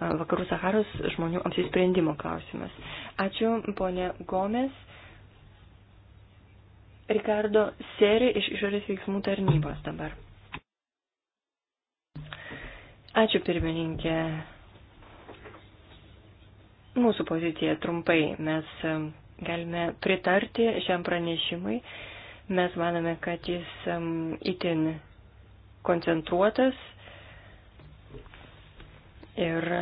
Vakarų Saharos žmonių apsisprendimo klausimas. Ačiū, ponė Gomes. Rikardo Seri iš išorės veiksmų tarnybos dabar. Ačiū pirmininkė. Mūsų pozicija trumpai. Mes galime pritarti šiam pranešimui. Mes manome, kad jis itin koncentruotas ir e,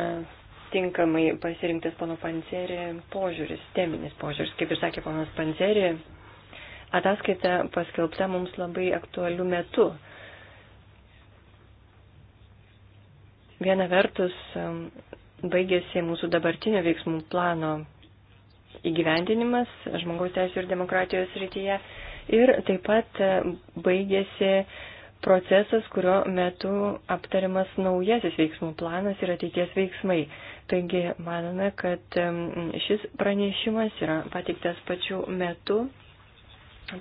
tinkamai pasirinktas pono Pancerį požiūris, teminis požiūris. Kaip ir sakė ponas Pancerį, ataskaita paskelbta mums labai aktualiu metu Viena vertus, baigėsi mūsų dabartinio veiksmų plano įgyvendinimas žmogaus teisų ir demokratijos rytyje ir taip pat e, baigėsi procesas, kurio metu aptariamas naujasis veiksmų planas ir ateities veiksmai. Taigi manome, kad šis pranešimas yra pateiktas pačiu metu,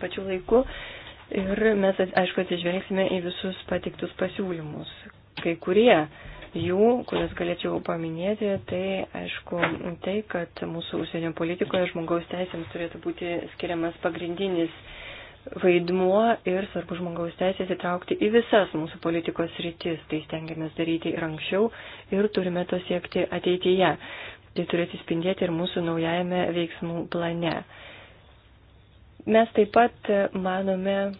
pačiu laiku ir mes, aišku, atsižvelgsime į visus pateiktus pasiūlymus. Kai kurie uh, jų, kurias galėčiau paminėti, tai aišku tai, kad mūsų užsienio politikoje žmogaus teisėms turėtų būti skiriamas pagrindinis vaidmuo ir svarbu žmogaus teisės įtraukti į visas mūsų politikos rytis. Tai stengiamės daryti ir anksčiau ir turime to siekti ateityje. Tai turėtų spindėti ir mūsų naujajame veiksmų plane. Mes taip pat manome,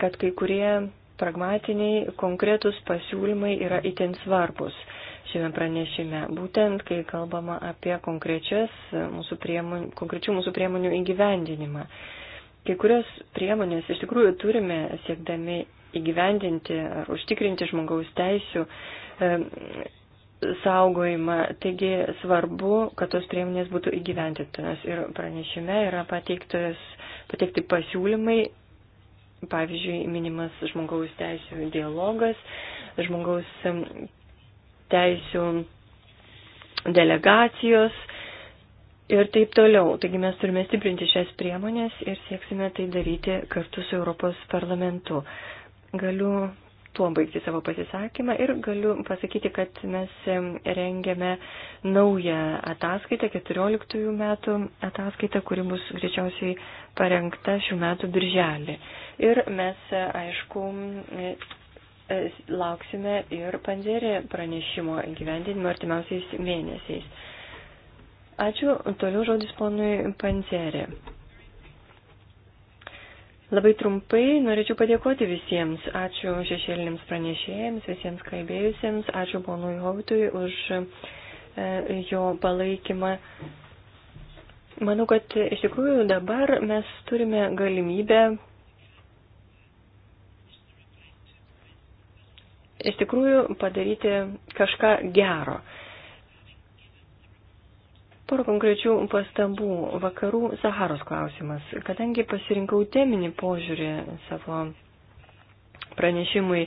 kad kai kurie pragmatiniai, konkretus pasiūlymai yra itin svarbus šiame pranešime. Būtent, kai kalbama apie mūsų priemonių, konkrečių mūsų priemonių įgyvendinimą. Kai kurios priemonės iš tikrųjų turime siekdami įgyvendinti ar užtikrinti žmogaus teisų e, saugojimą. Taigi svarbu, kad tos priemonės būtų įgyvendintinas. Ir pranešime yra pateikti pasiūlymai Pavyzdžiui, minimas žmogaus teisų dialogas, žmogaus teisų delegacijos ir taip toliau. Taigi mes turime stiprinti šias priemonės ir sieksime tai daryti kartu su Europos parlamentu. Galiu tuo baigti savo pasisakymą ir galiu pasakyti, kad mes rengiame naują ataskaitą, 14 metų ataskaitą, kuri bus greičiausiai parengta šių metų birželį. Ir mes, aišku, lauksime ir panzerį pranešimo gyvendinimo artimiausiais mėnesiais. Ačiū. Toliau žodis ponui Panzerį. Labai trumpai norėčiau padėkoti visiems. Ačiū šešėlinėms pranešėjams, visiems kalbėjusiems. Ačiū ponui Hautui už e, jo palaikymą Manau, kad iš tikrųjų dabar mes turime galimybę iš tikrųjų padaryti kažką gero. Porą konkrečių pastabų. Vakarų Saharos klausimas. Kadangi pasirinkau teminį požiūrį savo pranešimui,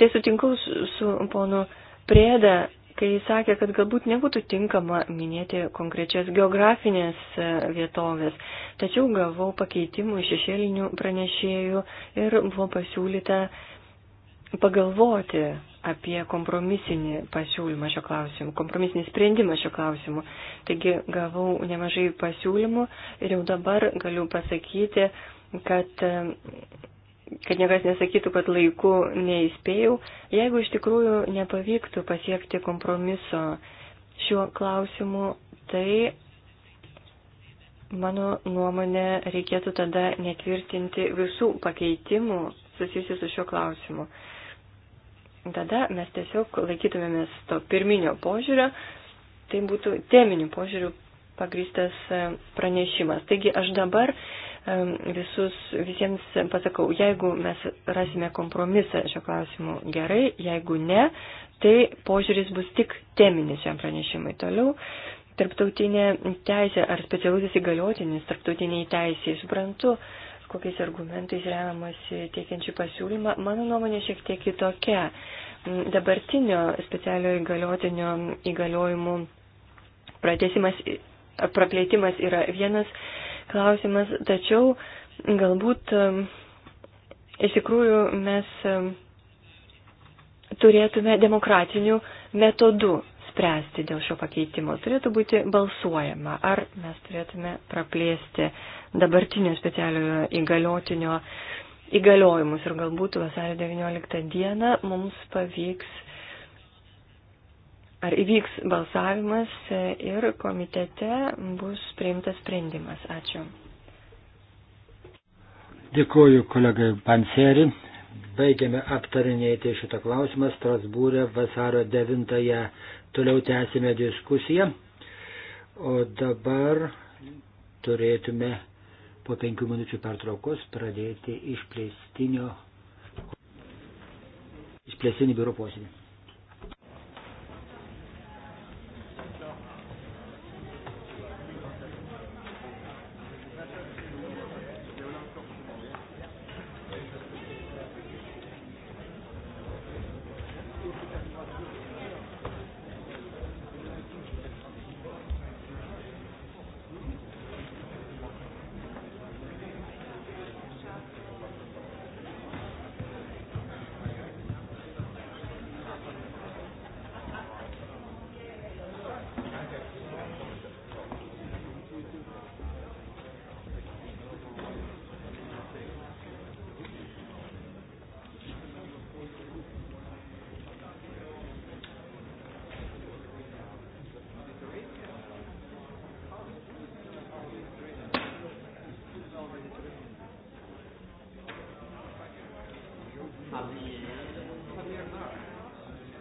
tai sutinku su ponu Prėda kai sakė, kad galbūt nebūtų tinkama minėti konkrečias geografinės e, vietovės. Tačiau gavau pakeitimų iš šešėlinių pranešėjų ir buvo pasiūlyta pagalvoti apie kompromisinį pasiūlymą šio klausimu, kompromisinį sprendimą šio klausimu. Taigi gavau nemažai pasiūlymų ir jau dabar galiu pasakyti, kad kad niekas nesakytų, kad laiku neįspėjau, jeigu iš tikrųjų nepavyktų pasiekti kompromiso šiuo klausimu, tai mano nuomonė reikėtų tada netvirtinti visų pakeitimų susijusių su šiuo klausimu. Tada mes tiesiog laikytumėmės to pirminio požiūrio, tai būtų teminių požiūrių pagristas pranešimas. Taigi aš dabar visus, visiems pasakau, jeigu mes rasime kompromisą šio klausimu gerai, jeigu ne, tai požiūris bus tik teminis šiam pranešimui toliau. Tarptautinė teisė ar specialusis įgaliotinis tarptautiniai teisėjai, suprantu, kokiais argumentais remiamasi tiekiančių pasiūlymą, mano nuomonė šiek tiek kitokia. Dabartinio specialio įgaliotinio įgaliojimų pratesimas, praplėtimas yra vienas klausimas, tačiau galbūt iš tikrųjų mes turėtume demokratiniu metodu spręsti dėl šio pakeitimo. Turėtų būti balsuojama, ar mes turėtume praplėsti dabartinio specialiojo įgaliotinio įgaliojimus ir galbūt vasario 19 dieną mums pavyks ar įvyks balsavimas e, ir komitete bus priimtas sprendimas. Ačiū. Dėkuoju kolegai Panseri. Baigiame aptarinėti šitą klausimą Strasbūrė vasario 9-ąją. Toliau tęsime diskusiją. O dabar turėtume po penkių minučių pertraukos pradėti išplėstinio išplėstinį biuro posėdį.